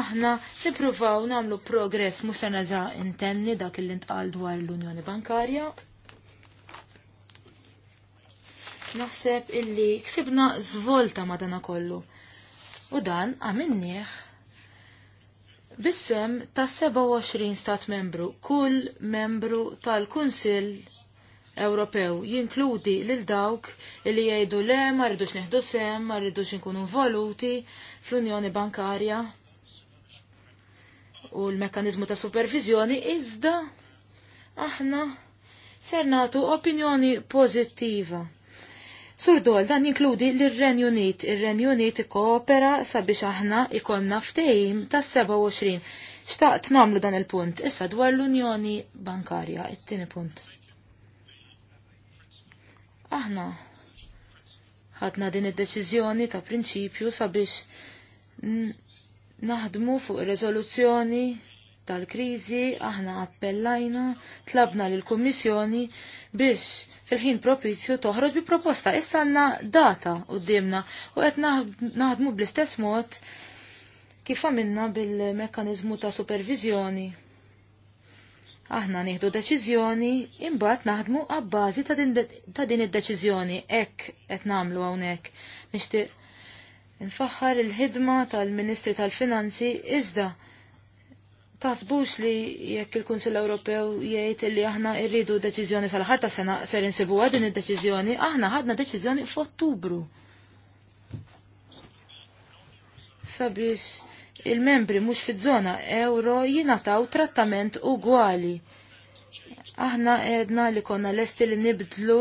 aħna nippruvaw nagħmlu progress mhux se intenni dak li ntqal dwar l-Unjoni Bankarja Naħseb illi ksibna zvolta madana kollu. U dan għamilnieħ bissem ta' 27 stat membru, kull membru tal-Kunsill Ewropew jinkludi lil dawk li jgħidu le ma rridux neħdu sem, ma rridux nkunu voluti fl-Unjoni Bankarja u l mekanizmu ta' supervizjoni iżda aħna ser nagħtu opinjoni pożittiva Sur dol dan jinkludi l renju Unit. Ir-Renju Unit ikkoopera sabiex aħna ikonna ftehim tas-27. Xtaqt namlu dan il-punt. Issa dwar l-Unjoni Bankarja, it-tieni punt. Aħna ħadna din id-deċiżjoni ta' prinċipju sabiex naħdmu fuq ir-reżoluzzjoni tal-kriżi aħna appellajna, tlabna l kummissjoni biex fil-ħin propizju toħroġ bi proposta. Issa għandna data qudiemna u qed naħdmu bl-istess mod kif għamilna bil-mekkaniżmu ta' supervizjoni. Aħna nieħdu deċiżjoni imbagħad naħdmu għabbażi ta' din id-deċiżjoni hekk qed nagħmlu hawnhekk. Nixtieq Nfaħħar il-ħidma tal-Ministri tal-Finanzi iżda Taħsbux li jekk il-Kunsill Ewropew jgħid li aħna rridu deċiżjoni sal-ħar ta' sena ser insibuha din id-deċiżjoni, aħna ħadna deċiżjoni f'Ottubru. Sabiex il-membri mhux fiż-żona euro jingħataw trattament ugwali. Aħna edna li konna lesti li nibdlu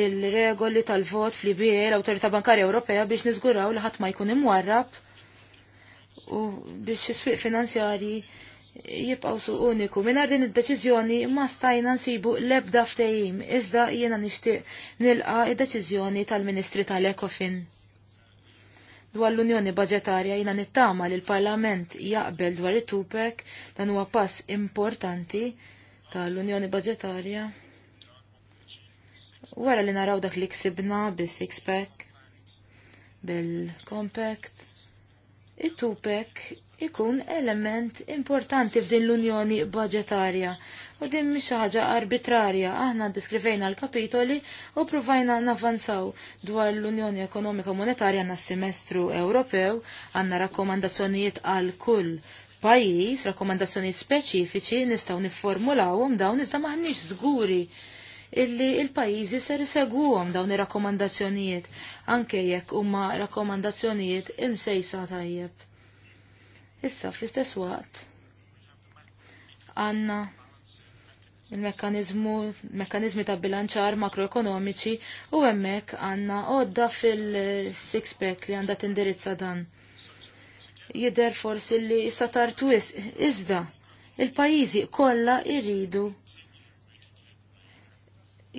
il-regoli tal-vot fl-IBA l-Awtorità Bankarja Ewropea biex niżguraw li ħadd ma jkun imwarrab u biex is-swieq finanzjarji jibqaw su uniku. Minar din id-deċizjoni ma stajna nsibu lebda ftejim, iżda jiena nixtieq nilqa id-deċizjoni tal-Ministri tal-Ekofin. Dwar l-Unjoni Baġetarja jiena nittama li l-Parlament jaqbel dwar it-tupek dan huwa pass importanti tal-Unjoni Budgetarja. Wara li naraw dak li ksibna bil-six pack, bil-compact, it-tupek ikun element importanti f'din l-unjoni budgetarja u din mhix ħaġa arbitrarja aħna diskrivejna l-kapitoli u provajna navanzaw dwar l-Unjoni Ekonomika Monetarja nas semestru Ewropew għandna rakkomandazzjonijiet għal kull pajjiż, rakkomandazzjonijiet speċifiċi nistgħu nifformulawhom dawn iżda maħniex żguri illi il-pajjiżi ser iseguhom dawn ir-rakkomandazzjonijiet anke jekk huma rakkomandazzjonijiet imsejsa tajjeb. Issa fl-istess waqt għandna il-mekkanizmu, mekkanizmi ta' bilanċar makroekonomiċi u hemmhekk għandna għodda fil-six pack li għandha tindirizza dan. Jider forsi li issa tartu iżda il-pajjiżi kollha iridu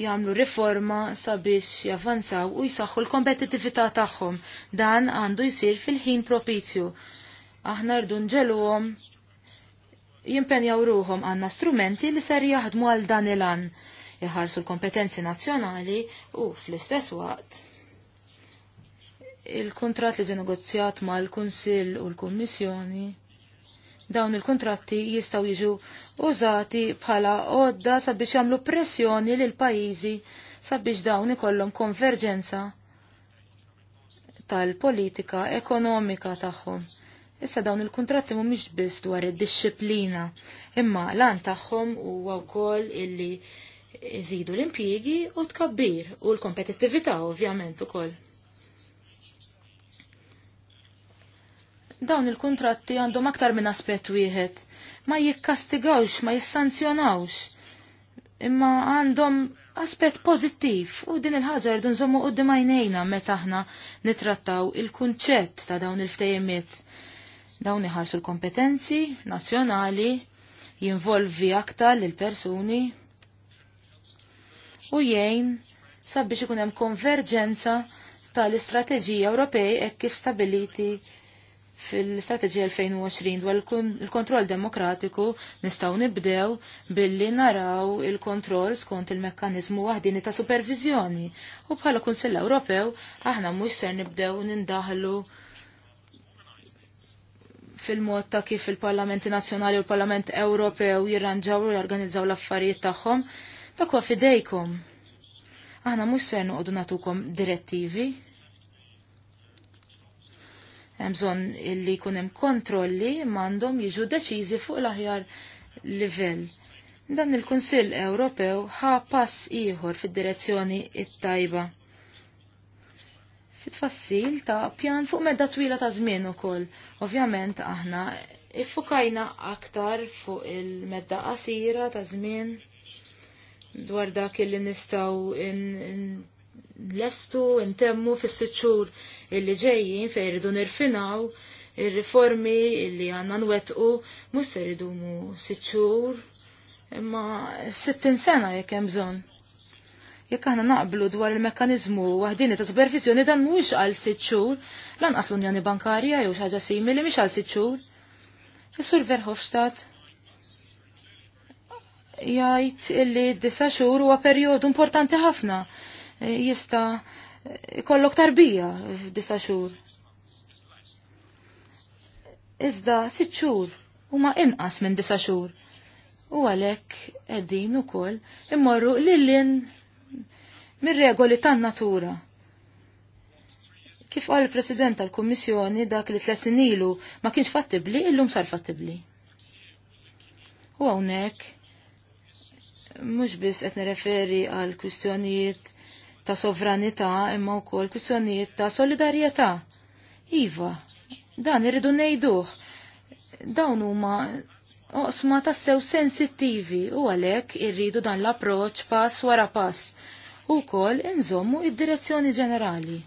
jagħmlu riforma sabiex javanzaw u jsaħħu l kompetitività tagħhom. Dan għandu jsir fil-ħin propizju. Aħna rdu nġeluhom jimpenjaw ruhom għandna strumenti li ser jaħdmu għal dan il-an jħarsu l-kompetenzi nazzjonali u fl-istess waqt il-kontrat li ġenegozjat ma' l-Kunsill u l-Kummissjoni Dawn il-kontratti jistaw jiġu użati bħala għodda sabiex jagħmlu pressjoni lil pajjiżi sabiex dawn ikollhom konverġenza tal-politika ekonomika tagħhom. Issa dawn il-kontratti mhumiex biss dwar id-disciplina, imma lan tagħhom huwa wkoll illi iżidu l-impjiegi u tkabbir u l-kompetittività ovvjament ukoll. Dawn il-kontratti għandhom aktar minn aspett wieħed. Ma jikkastigawx, ma jissanzjonawx. Imma għandhom aspett pożittiv u din il-ħaġa rridu nżommu qudiem għajnejna meta aħna nitrattaw il-kunċett ta' dawn il-ftejimiet. Dawn iħarsu l-kompetenzi nazzjonali jinvolvi aktar l persuni u jgħin sabiex ikun hemm konverġenza tal-istrateġija Ewropej hekk kif stabiliti fil-strategija 2020 dwar il-kontroll demokratiku nistaw nibdew billi naraw il-kontroll skont il-mekkanizmu waħdini ta' supervizjoni. U bħala Kunsell Ewropew aħna mhux ser nibdew nindaħlu fil-mod ta' kif il-Parlamenti Nazzjonali u l-Parlament Ewropew jirranġaw u jorganizzaw l-affarijiet tagħhom dakwa fidejkom. Aħna mhux ser noqogħdu nagħtukom direttivi, Hemm bżonn li jkun hemm kontrolli m'għandhom jiġu deċiżi fuq l-aħjar livell. Dan il-Kunsill Ewropew ħa pass ieħor fid-direzzjoni it-tajba. Fit-tfassil ta' pjan fuq medda twila ta' żmien ukoll. Ovvjament aħna iffukajna aktar fuq il-medda qasira ta' żmien dwar dak li nistgħu lestu intemmu fis-sitxur illi ġejjin fejn irridu nirfinaw ir-riformi illi għandna nwettqu mhux se jridumu sitxur imma sittin sena jekk hemm bżonn. Jekk aħna naqblu dwar il-mekkaniżmu waħdini ta' supervizjoni dan mhuwiex għal sitt xhur, lanqas l-Unjoni Bankarja jew xi ħaġa simili mhix għal sitt xhur. Is-Sur Verhofstadt jgħid illi disa xhur huwa perjodu importanti ħafna Eh, jista' kollok tarbija f'disa' xhur. Iżda sitt xhur huma inqas minn disa' xhur. U għalhekk qegħdin ukoll immorru lilin mir-regoli tan-natura. Kif qal il-President tal-Kummissjoni dak li tles ilu ma kienx fattibli, illum sar fattibli. U hawnhekk mhux biss qed nirreferi għal kwistjonijiet ta' sovranità imma wkoll kwistjonijiet ta' solidarjetà. Iva, dan irridu ngħiduh. Dawn huma oqsma tassew sensittivi u għalhekk irridu dan l-approċċ pass wara pass u kol inżommu id-direzzjoni ġenerali.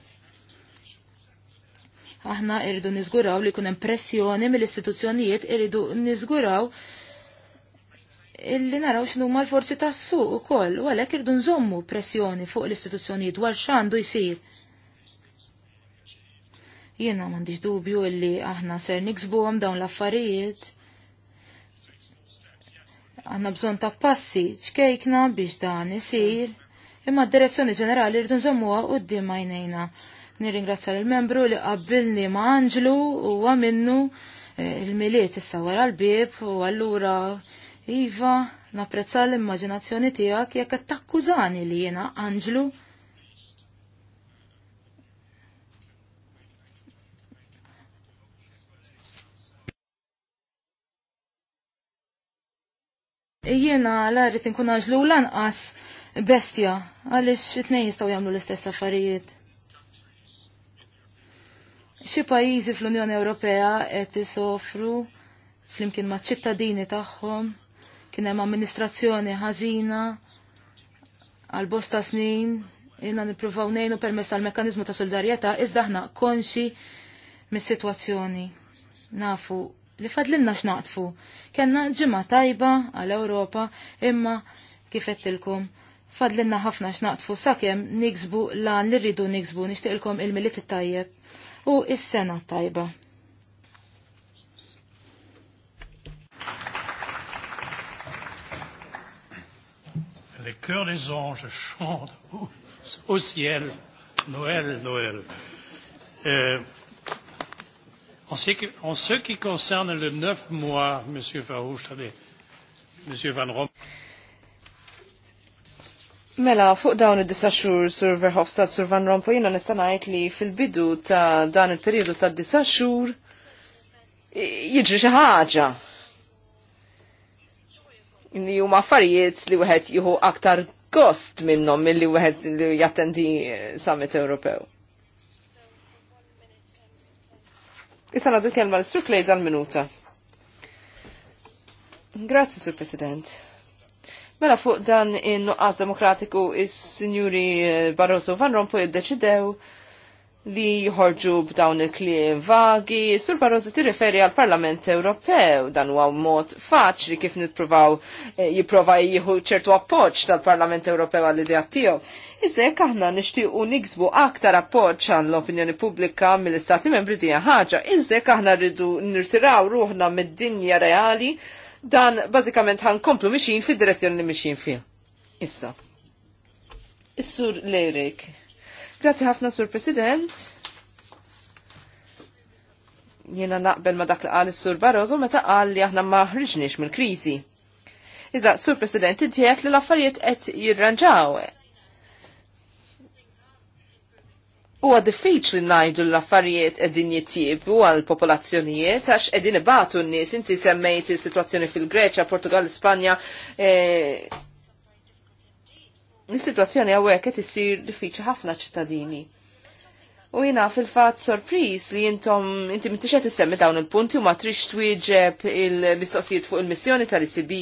Aħna irridu niżguraw li kunem pressjoni mill-istituzzjonijiet irridu niżguraw illi naraw xinu ma l-forzi tas-suq ukoll u għalhekk irdu nżommu pressjoni fuq l istituzzjoni dwar x'għandu jsir. Jiena m'għandix dubju illi aħna ser niksbuhom dawn l-affarijiet. Għandna bżonn ta' passi ċkejkna biex dan isir, imma d-direzzjoni ġenerali rridu nżommuha quddiem għajnejna. Nirringrazzja l-membru li qabbilni ma' Anġlu u minnu eh, il-miliet issa wara l-bib u allura Iva, napprezza l-immaġinazzjoni tiegħek jekk qed takkużani li jiena Anġlu. Jiena l rrid inkun Anġlu lanqas bestja għaliex it-tnejn jistgħu jagħmlu l-istess affarijiet xi pajjiżi fl-Unjoni Ewropea qed isofru flimkien maċ-ċittadini tagħhom kien hemm amministrazzjoni ħażina għal bosta snin jiena nippruvaw ngħinu permess tal mekkaniżmu ta' solidarjetà iżda aħna konxi mis sitwazzjoni Nafu li fadlinna x'naqtfu. Kenna ġimgħa tajba għal Ewropa, imma kif qedtilkom fadlinna ħafna x'naqtfu sakemm niksbu lan li rridu niksbu nixtieqilkom il it tajjeb u is-sena tajba. le cœur des anges chante au, au ciel Noël, Noël. Euh, en, ce qui, en ce qui concerne le neuf mois, Monsieur Farouche, allez, Monsieur Van Rom. Mela, fuq dawn id-disa xhur Sur Verhofstadt Sur Van Rompuy jiena nista' ngħid li fil-bidu ta' dan il-perjodu tad disa xhur jiġri xi ħaġa li huma affarijiet li wieħed jieħu aktar gost minnhom milli wieħed li jattendi eh, summit Ewropew. Issa nagħti kelma l-Sur Klejza l-minuta. Grazzi, Sur President. Mela fuq dan in-nuqqas demokratiku is-Sinjuri eh, Barroso Van Rompuy iddeċidew li jħorġu b'dawn il-kliem vagi, sur Barroso tirriferi għal Parlament Ewropew, dan huwa mod faċli kif nippruvaw eh, jipprova jieħu ċertu appoġġ tal-Parlament Ewropew għall idea tiegħu. Iżda jekk aħna nixtiequ niksbu aktar appoġġ għal l-opinjoni pubblika mill-Istati Membri dinja ħaġa, iżda jekk aħna rridu nirtiraw ruħna mid-dinja reali, dan bażikament ħankomplu mixin fid-direzzjoni li mixin fih. Issa. Is-sur Lerik Grazzi ħafna, Sur President. Jiena naqbel ma dak li qal is-Sur Barroso meta qal li aħna ma ħriġniex mill-kriżi. Iżda, Sur President, inti li l-affarijiet qed jirranġaw. Huwa diffiċli ngħidu l-affarijiet qegħdin jittiebu għal popolazzjonijiet għax qegħdin ibatu n-nies inti semmejt is-sitwazzjoni fil-Greċja, Portugal, Ispanja, eh, Is-sitwazzjoni hawnhekk qed issir diffiċi ħafna ċittadini. U jina fil-fat sorpris li jintom inti mittix qed issemmi dawn il-punti u ma trix twieġeb il-mistoqsijiet fuq il-missjoni tal-ICB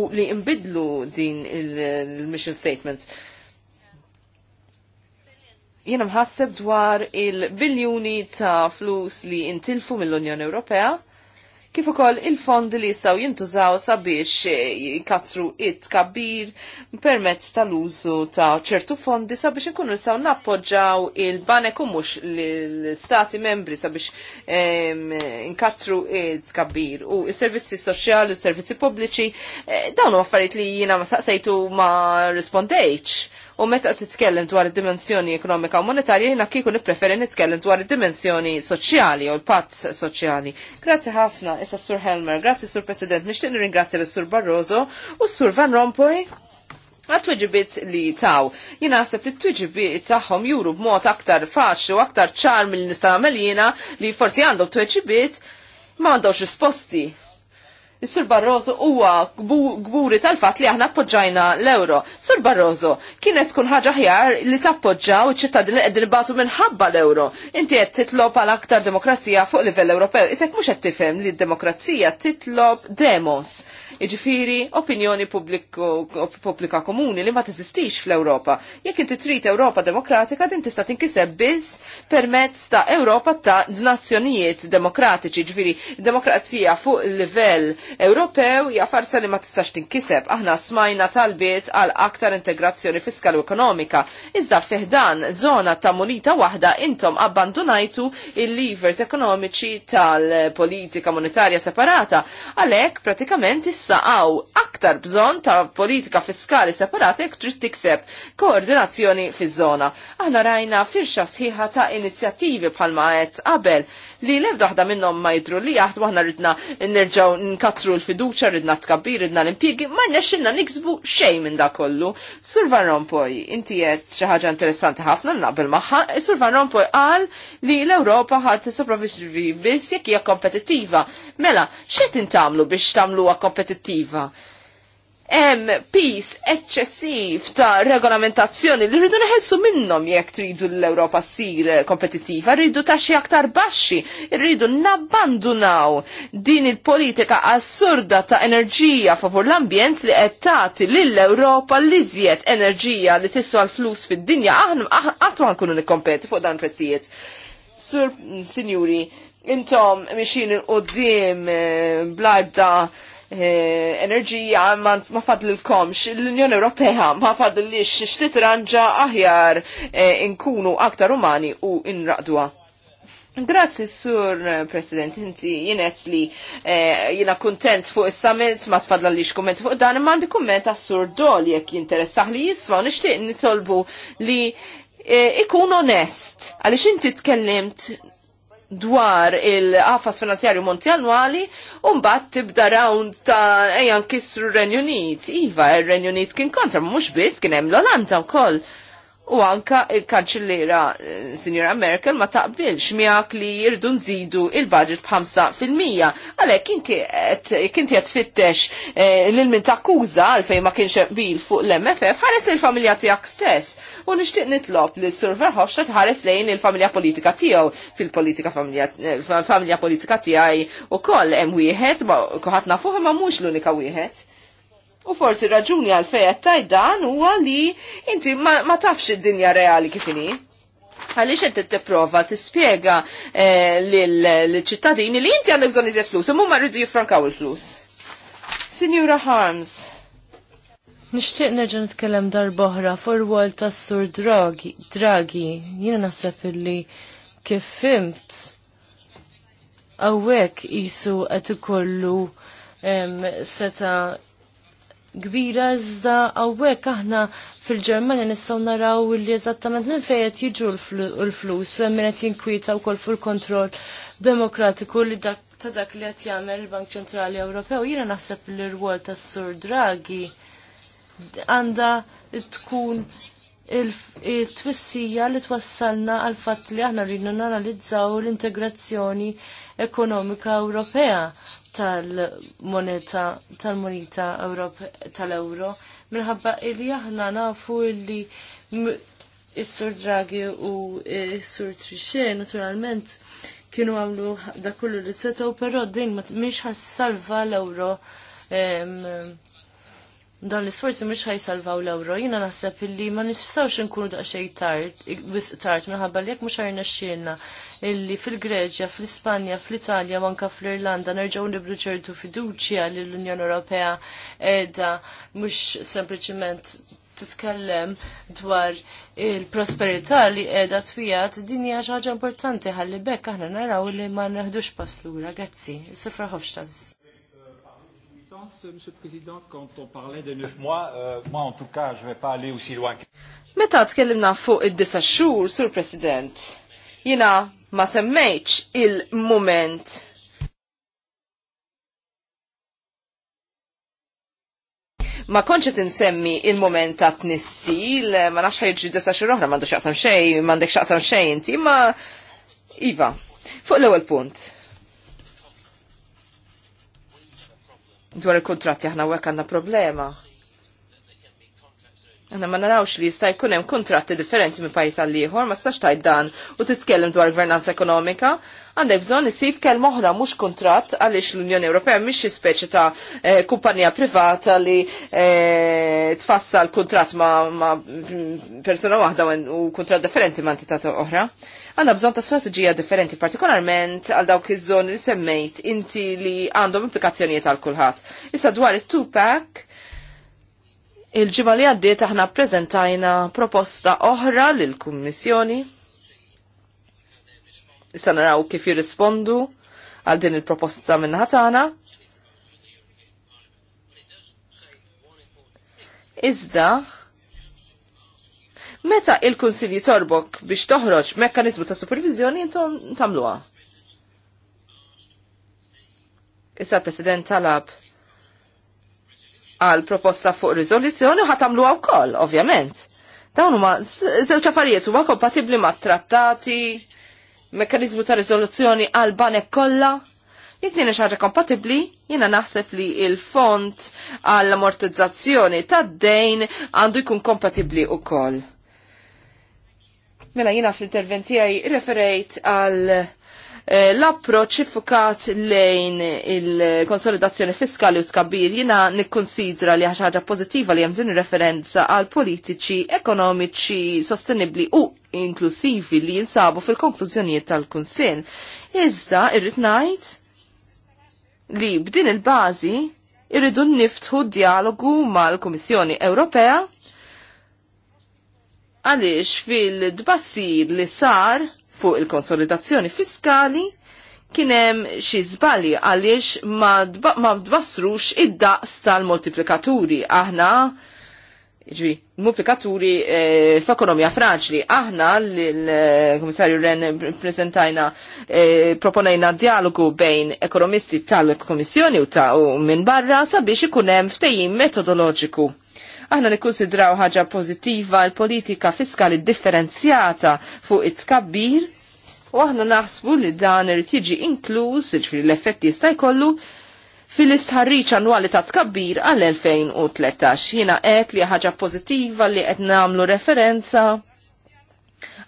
u li imbidlu din il-mission statement. Jena mħasseb dwar il-biljuni ta' flus li intilfu mill-Unjoni Ewropea kif ukoll il-fondi li jistgħu jintużaw sabiex eh, jkatru it kabir permezz tal-użu ta' ċertu fondi sabiex inkunu nistgħu nappoġġaw il-banek u mhux l-stati membri sabiex nkatru it kabir u s-servizzi soċjali u s-servizzi pubbliċi eh, dawn huma affarijiet li jiena ma saqsejtu ma rispondejx u meta titkellem dwar id-dimensjoni ekonomika u monetarja jiena kieku nippreferi nitkellem dwar id-dimensjoni soċjali u l-pazz soċjali. Grazzi ħafna, issa Sur Helmer, grazzi Sur President, nixtieq nirringrazzja l-Sur Barroso u Sur Van Rompuy għat twiġibiet li taw. Jina għasab li t-tweġibiet taħħom juru b'mod aktar faċli u aktar ċar mill-nistamel jina li forsi għandhom tweġibiet ma għandhomx risposti. Sur Barroso huwa gburi tal-fatt li aħna appoġġajna l-euro. Sur Barroso, kienet tkun ħaġa ħjar li tappoġġaw iċ-ċittadini qegħdin ibatu minħabba l-euro. Inti qed titlob għal aktar demokrazija fuq livell Ewropew. Isek mhux qed tifhem li d-demokrazija titlob demos Iġifiri, opinjoni pubblika komuni li ma teżistix fl-Ewropa. Jekk inti trid Ewropa demokratika, din tista' tinkiseb biss permezz ta' Ewropa ta' nazzjonijiet demokratiċi. Ġifiri, demokrazija fuq il-livell Ewropew hija farsa li ma tistax tinkiseb. Aħna smajna talbiet għal aktar integrazzjoni fiskal u ekonomika. Iżda feħdan zona ta' munita waħda intom abbandonajtu il-levers ekonomiċi tal-politika monetarja separata. Għalek, pratikament, is issa għaw aktar bżon ta' politika fiskali separata jek trid tikseb koordinazzjoni fiż-żona. Aħna rajna firxa sħiħa ta' inizjattivi bħalma qed qabel li l daħda minnhom ma jidru li jaħt aħna ridna nerġgħu nkatru l-fiduċja, ridna tkabbir, ridna l-impjiegi, ma rnexxilna niksbu xejn minn da kollu. Sur Van inti jett xi ħaġa interessanti ħafna naqbel magħha, Sur Van għal qal li l-Ewropa ħadd sopravvivi biss jekk hija kompetittiva. Mela, xe tintamlu biex tagħmluha kompetittiva? hemm pis eċċessiv ta' regolamentazzjoni li rridu neħelsu minnhom jekk tridu l-Ewropa ssir kompetittiva, rridu ta' xi aktar baxxi, rridu nabbandunaw din il-politika assurda ta' enerġija favur l-ambjent li qed tagħti lill-Ewropa li żjed enerġija li tiswa l-flus fid-dinja aħna qatt ma nkunu nikkompeti fuq dan prezzijiet. Sur, sinjuri, intom mixin il-qoddim eh, blajda Eh, enerġija ma fadlilkomx, l-Unjoni Ewropea ma fadlilix xtit ranġa aħjar eh, inkunu aktar umani u inraqdwa. Grazzi, Sur President, inti jenet li eh, jiena kontent fuq il-summit, ma tfadla li xkomment fuq dan, ma għandi komment għas Sur Dol jek jinteressaħ li jisma, nishtiq nitolbu li ikun onest, għalix inti tkellimt dwar il-qafas finanzjarju montjanwali un bat tibda round ta' ejan kisru Renjunit. Iva, Renjunit kien kontra, mux biss kien hemm l-Olanda u koll. U anka il-kanċillera eh, Sinjora Merkel ma taqbilx miegħek li jirdu nżidu il-budget b'5%. Għalhekk kien qed tfittex eh, lil min takkuża għalfejn ma kienx bil fuq l-MFF ħares il-familja tiegħek stess. U nixtieq nitlob li Sur Verhofstadt ħares lejn il-familja politika tiegħu fil-politika familja eh, politika tiegħi ukoll hemm wieħed ma ħadd nafuh ma mhux l-unika wieħed. U forsi raġuni għal fejet taj dan u li inti ma, ma tafx id-dinja reali kifini. Għalli xed t-prova t-spiega eh, l-ċittadini li inti għandek bżon iżjed flus, imma rridu jifrankaw il-flus. Signora Harms, Nishtiq nerġa' nitkellem darboħra fuq ir-wol tas-sur Draghi, Draghi, jiena naħseb illi kif fimt għawek isu qed ikollu seta' kbira iżda hawnhekk aħna fil-Ġermanja nistgħu naraw li eżattament minn fejn qed jiġu l-flus u hemm min qed jinkwieta wkoll fil-kontroll demokratiku li dak ta' dak li qed jagħmel il-Bank Ċentrali Ewropew. Jiena naħseb li rwol tas-Sur Draghi għandha tkun il-twissija li twassalna għal fatt li aħna rridna nanalizzaw l-integrazzjoni ekonomika Ewropea tal-moneta tal-moneta tal-euro minħabba illi aħna nafu illi is-sur Draghi u is-sur Trichet naturalment kienu għamlu da kullu li setaw, pero din ħas ħassalva l-euro dan l-isforzi mhux ħajsalvaw l-ewro, jiena naħseb illi ma nistgħux inkunu daqsxejn tard, wisq tard minħabba li jekk mhux ħarna xilna illi fil-Greċja, fl-Ispanja, fl-Italja, anke fl-Irlanda nerġgħu niblu ċertu fiduċja li l-Unjoni Ewropea qiegħda mhux sempliċement titkellem dwar il-prosperità li qiegħda twijat din hija xi ħaġa importanti ħalli bekk aħna naraw li ma neħdux pass lura. Grazzi, Sifra Hofstads sens, M. le Président, quand on parlait de 9 mois, euh, moi en tout cas, je ne vais pas aller aussi loin. Meta tkellimna fuq id-disa xhur, Sur President, jina ma semmejtx il-moment ma konċet insemmi il-moment ta' t-nissil, ma nafx ħajġi disa xi oħra m'għandux xaqsam xejn, m'għandek xaqsam xej inti, ma Iva, fuq l ewel punt. dwar il-kontratti aħna għek għanna problema. Għanna ma narawx li jista' jkun hemm kuntratti differenti minn pajjiż għal ieħor, ma stax tajt dan u titkellem dwar gvernanza ekonomika. Għandek bżonn isib kelma oħra mhux kuntratt għaliex l-Unjoni Ewropea mhix xi speċi ta' eh, kumpanija privata li eh, tfassal kuntratt ma', ma persuna waħda u kuntratt differenti ma' entità oħra. Għanna bżonn ta' strateġija differenti, partikolarment għal dawk iż-żoni li semmejt inti li għandhom implikazzjonijiet għal kulħadd. Issa dwar it-two-pack Il-ġimgħa li għaddiet aħna ppreżentajna proposta oħra l kummissjoni Issa naraw kif jirrispondu għal din il-proposta minn ħatana. Iżda, meta il-Kunsilji torbok biex toħroġ mekkanizmu ta' supervizjoni intom tamluha. Issa l-President talab għal proposta fuq rizoluzzjoni u ħatamlu għaw kol, ovvjament. Dawn huma żewġ affarijiet huma kompatibbli ma' trattati, mekanizmu ta' rizoluzzjoni għal banek kollha. Jekk xaġa ħaġa kompatibbli, jiena naħseb li il-font għall amortizzazzjoni tad dejn għandu jkun kompatibbli ukoll. Mela jiena fl-interventijaj referejt għal Eh, l-approċ ifukat lejn il-konsolidazzjoni fiskali u tkabbir jina nikkonsidra li ħaġa pozitiva li hemm din referenza għal politiċi ekonomiċi sostenibli u inklusivi li jinsabu fil-konklużjonijiet tal-Kunsill. Iżda irrid ngħid li b'din il-bażi irridu niftħu dialogu mal-Kummissjoni Ewropea għaliex fil-dbassir li sar fuq il-konsolidazzjoni fiskali kienem xi żbali għaliex ma dbassrux id-daqs tal-multiplikaturi. Aħna ġi, multiplikaturi e, f'ekonomija fraġli. Aħna l-Komissarju Ren prezentajna e, eh, proponajna dialogu bejn ekonomisti tal-Komissjoni u ta' u minn barra sabiex ikunem ftejim metodoloġiku Aħna nikkonsidraw ħaġa pożittiva l-politika fiskali differenzjata fuq it-tkabbir u aħna naħsbu li dan irid jiġi inkluż, ġifieri l-effetti jista' jkollu fil-istħarriċ annwali ta' tkabbir għall 2013 Jiena qed li ħaġa pożittiva li qed nagħmlu referenza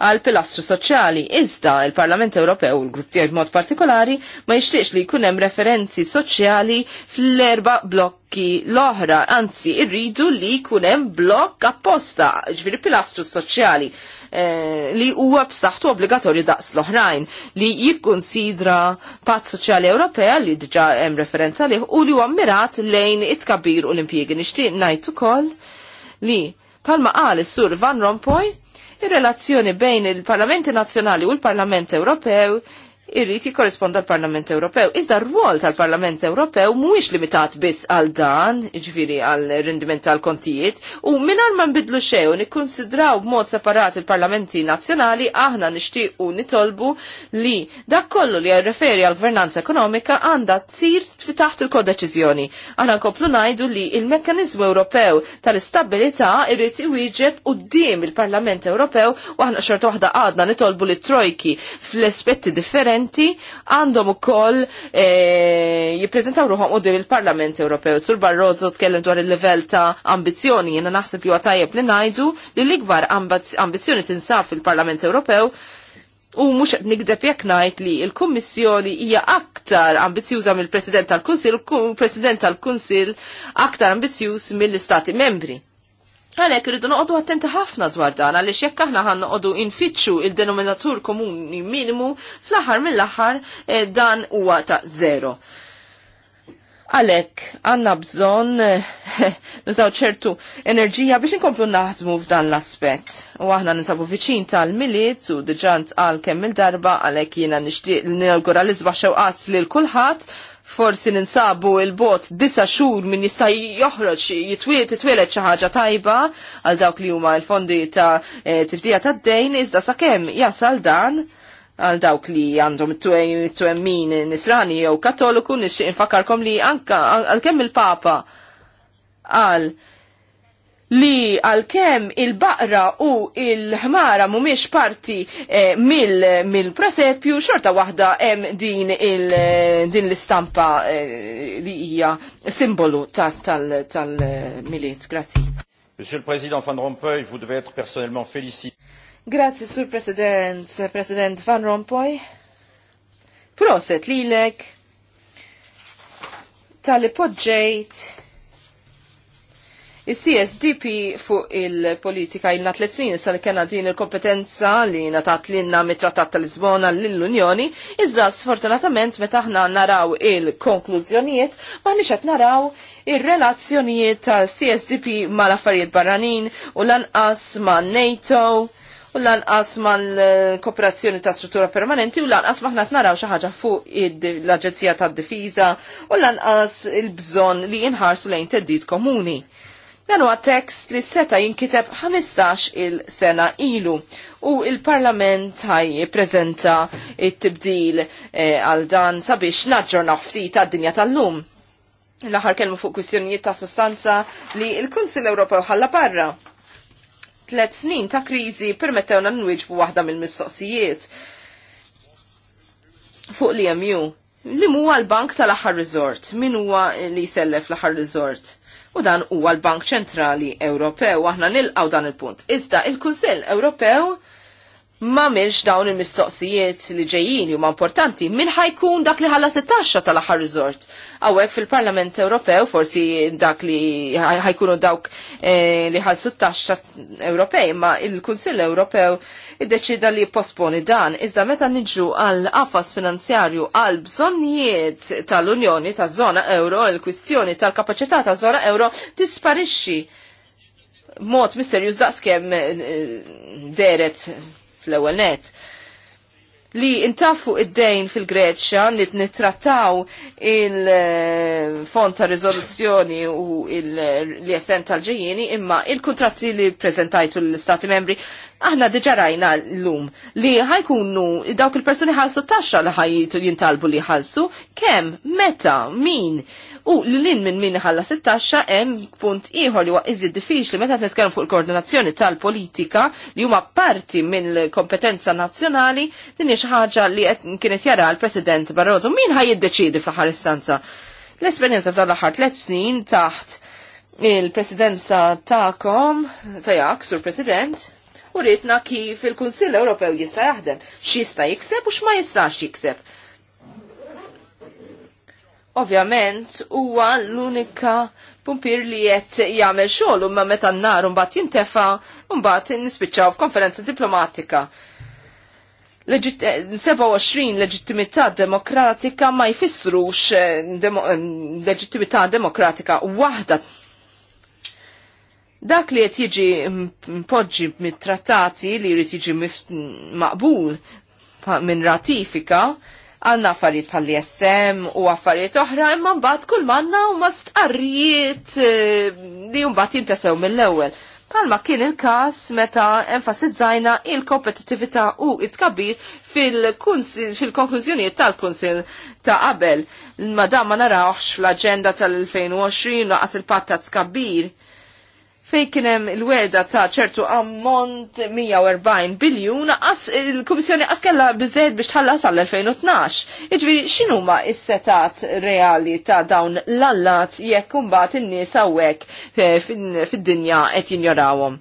għal pilastru soċjali. Iżda il-Parlament Ewropew u l-grupp tiegħi b'mod partikolari ma jixtiex li jkun hemm referenzi soċjali fl-erba blokki l-oħra, anzi irridu li jkun hemm blokk apposta, ġifieri pilastru soċjali eh, li huwa b'saħħtu obbligatorju daqs l-oħrajn li jikkunsidra pat soċjali Ewropea li diġà hemm referenza lih u li huwa mirat lejn it-kabir u l-impjiegi. Nixtieq ngħid ukoll li palma qal is-sur Van Rompuy ir-relazzjoni bejn il-Parlamenti Nazzjonali u l-Parlament Ewropew irrid jikorresponda l-Parlament Ewropew. Iżda r-rwol tal-Parlament Ewropew mhuwiex limitat biss għal dan, jiġifieri għal rendiment tal-kontijiet, u mingħajr ma nbidlu xew nikkonsidraw b'mod separat il-parlamenti nazzjonali aħna nixtiequ nitolbu li dak kollu li jirreferi għal gvernanza ekonomika għandha tsir taħt il-kodeċiżjoni. Aħna nkomplu ngħidu li il-mekkaniżmu Ewropew tal-istabilità irrid iwieġeb quddiem il-Parlament Ewropew u aħna xorta waħda għadna nitolbu li trojki fl-aspetti differenti differenti għandhom ukoll e, jippreżentaw ruħom qudiem il-Parlament Ewropew. Sur Barroso tkellem dwar il-livell ta' ambizzjoni, jiena naħseb li huwa tajjeb li ngħidu li l-ikbar ambizzjoni tinsab fil-Parlament Ewropew U mux qed nikdeb jekk ngħid li l-Kummissjoni hija aktar ambizjuża mill-President tal-Kunsill u l-President tal-Kunsill aktar ambizjuż mill-Istati Membri. Għalek rridu noqdu attenti ħafna dwar dan, għaliex jekk aħna ħan noqdu infitxu il-denominatur komuni minimu, fl-aħħar mill-aħħar eh, dan huwa ta' zero. Għalek, għanna bżon eh, nużaw ċertu enerġija biex inkomplu naħdmu f'dan l-aspet. U aħna ninsabu viċin tal-miliet u diġant għal kemm il-darba għalek jina nishtiq l nilgura l-izba xewqat li l-kulħat forsi ninsabu il-bot disa xur min jista joħroċ jitwiet jitwilet xi ħaġa tajba għal dawk li huma l-fondi ta' eh, ta' tad-dejn iżda sakemm jasal dan għal dawk li għandhom twemmin nisrani jew katoliku nixtieq infakarkom li anka għalkemm il-Papa għal li għalkemm il-baqra u il-ħmara mhumiex parti eh, mill-presepju mil xorta waħda hemm din, l-istampa eh, li hija simbolu tal-miliet. Grazzi. Monsieur le Président Van Rompuy, vous devez être personnellement félicité. Grazzi, Sur President, President Van Rompuy. Proset lilek tal-li podġejt Il-CSDP fuq il-politika jimna tlet snin sal kena din il-kompetenza li natat l-inna mit-trattat tal-Lisbona l-Unjoni, iżda sfortunatament meta ħna naraw il-konklużjonijiet, ma nixet naraw il-relazzjonijiet tal-CSDP mal-affarijiet barranin u lanqas ma' NATO u lanqas mal-kooperazzjoni ta' struttura permanenti u lanqas maħna t-naraw xaħġa fuq l-Aġenzija ta' Difiża u lanqas il-bżon li jinħarsu lejn teddit komuni. Dan huwa tekst li seta' jinkiteb 15 il-sena ilu u il-Parlament ħaj prezenta it-tibdil eh, għal dan sabiex naġġorna ftit għad-dinja tal-lum. L-aħħar kelmu fuq kwistjonijiet ta' sostanza li il-Kunsill Ewropew ħalla barra tlet snin ta' kriżi permettewna n-nwiġbu waħda mill-mistoqsijiet fuq li jemju. Li huwa l-bank tal-aħħar resort? Min huwa li jsellef l-aħħar resort? U dan huwa l-Bank Ċentrali Ewropew, aħna nilqgħu dan il-punt. Iżda il-Kunsill Ewropew ma minx dawn il-mistoqsijiet li ġejjin huma importanti, min ħajkun dak li ħallas it-taxxa tal-aħħar riżort. Hawnhekk fil-Parlament Ewropew forsi dak li ħajkunu dawk eh, li ħallsu t-taxxa Ewropej, ma il-Kunsill Ewropew iddeċida li posponi dan. Iżda meta niġu għal qafas finanzjarju għal bżonnijiet tal-Unjoni taż-żona euro, il-kwistjoni tal-kapaċità ta' żona euro tisparixxi mod misterjuż daqskemm eh, deret fl-ewwel net li intafu id-dejn fil-Greċja li nittrattaw il-fond eh, ta' rizoluzzjoni u l-jesen tal-ġejjini imma il-kontratti li prezentajtu l-Stati membri aħna diġa rajna l-lum li ħajkunu dawk il-personi ħalsu taxxa li ħajtu jintalbu li ħalsu kem, meta, min U l-lin minn minn ħalla 16 hemm punt ieħor li huwa iżid diffiċli meta nitkellmu fuq il-koordinazzjoni tal-politika li huma parti minn kompetenza nazzjonali din hija xi ħaġa li kienet jara l-President Barroso. Min ħaj jiddeċiedi fl-aħħar istanza? L-esperjenza f'dan l-aħħar tliet snin taħt il-presidenza ta'kom, tajak, sur president, u ridna kif il-Kunsill Ewropew jista' jaħdem, x'jista' jikseb u x'ma jistax jikseb ovvjament huwa l-unika pumpir li qed jagħmel xogħol u ma meta n-nar mbagħad jintefa' u mbagħad nispiċċaw f'konferenza diplomatika. 27 eh, leġittimità demokratika ma jfissrux eh, demo, eh, leġittimità demokratika waħda. Dak li qed jiġi mpoġġi mit-trattati li jrid jiġi maqbul minn ratifika għanna affarijiet bħal ISM u affarijiet oħra, imma mbagħad kull manna u ma stqarrijiet eh, li mbagħad jintesew mill-ewwel. Palma kien il-kas meta enfasizzajna il-kompetitività u it-kabir fil-konklużjonijiet fil konklużjonijiet tal kunsil ta' qabel. Ma dam ma narawx fl-agenda tal-2020 naqas il-patta t-kabir fej kienem il-weda ta' ċertu ammont 140 biljun, il-Komissjoni għas kella bizzed biex tħallas għall-2012. Iġviri, xinu ma' s setat reali ta' dawn l-allat jekk kumbat in-nies għawek eh, fid-dinja et jinjorawom?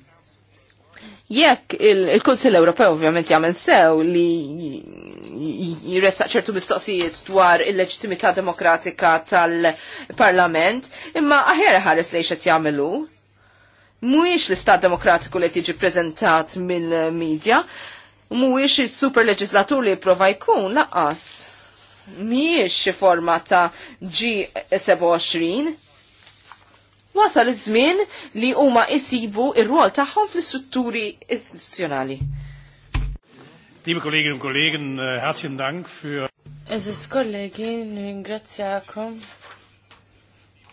Jekk il-Konsil Ewropew ovvjament jagħmel sew li jressaq ċertu mistoqsijiet dwar il-leġitimità demokratika tal-Parlament, imma aħjar ħares lejn qed jagħmlu mhuwiex l-istat demokratiku li tiġi prezentat mill-medja, mhuwiex il-super leġislatur li jipprova jkun laqas. Mhijiex xi forma ta' G27. Wasal iż-żmien li huma isibu ir-rol tagħhom fl-istrutturi istituzzjonali. Liebe Kolleginnen und Kollegen, äh, herzlichen Dank für Eżis kollegi, ringrazzjakom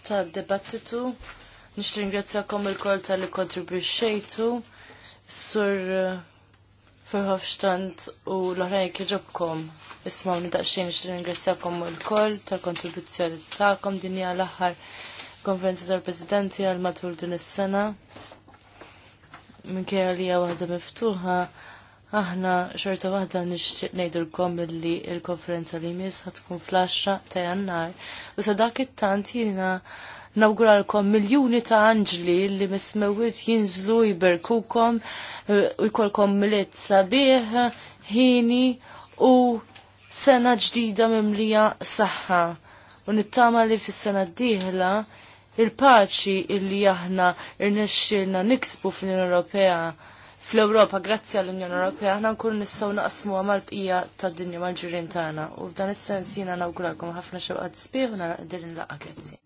ta' debattitu Nix ringrazzjakom il-kol tal-li kontribuċċejtu, sur Ferhofstand eh, u l-oħrajn kieġobkom. Ismawni daqxin nix ringrazzjakom il-kol tal-kontribuzzjoni ta'kom dinja l-aħħar konferenza tal-presidenti għal-matul din is-sena. Minkejja li hija waħda miftuħa, aħna xorta waħda nixtieq ngħidulkom li l-konferenza li jmiss ħatkun flaxxa ta' jannar. U sa dak it-tant jiena nawguralkom miljuni ta' anġli li mismewit jinżlu jiberkukom eh, u jkolkom milit sabieħ, ħini u sena ġdida mimlija saħħa. U nittama li fis-sena d-dieħla il-paċi illi aħna irnexxilna niksbu fl unjon Ewropea fl-Ewropa grazzi għall-Unjoni Ewropea aħna nkunu nistgħu naqsmuha mal-bqija tad-dinja mal ġurien tagħna u f'dan is-sens jiena nawguralkom ħafna xewqa sbieħ u nara qdir nlaqa' grazzi.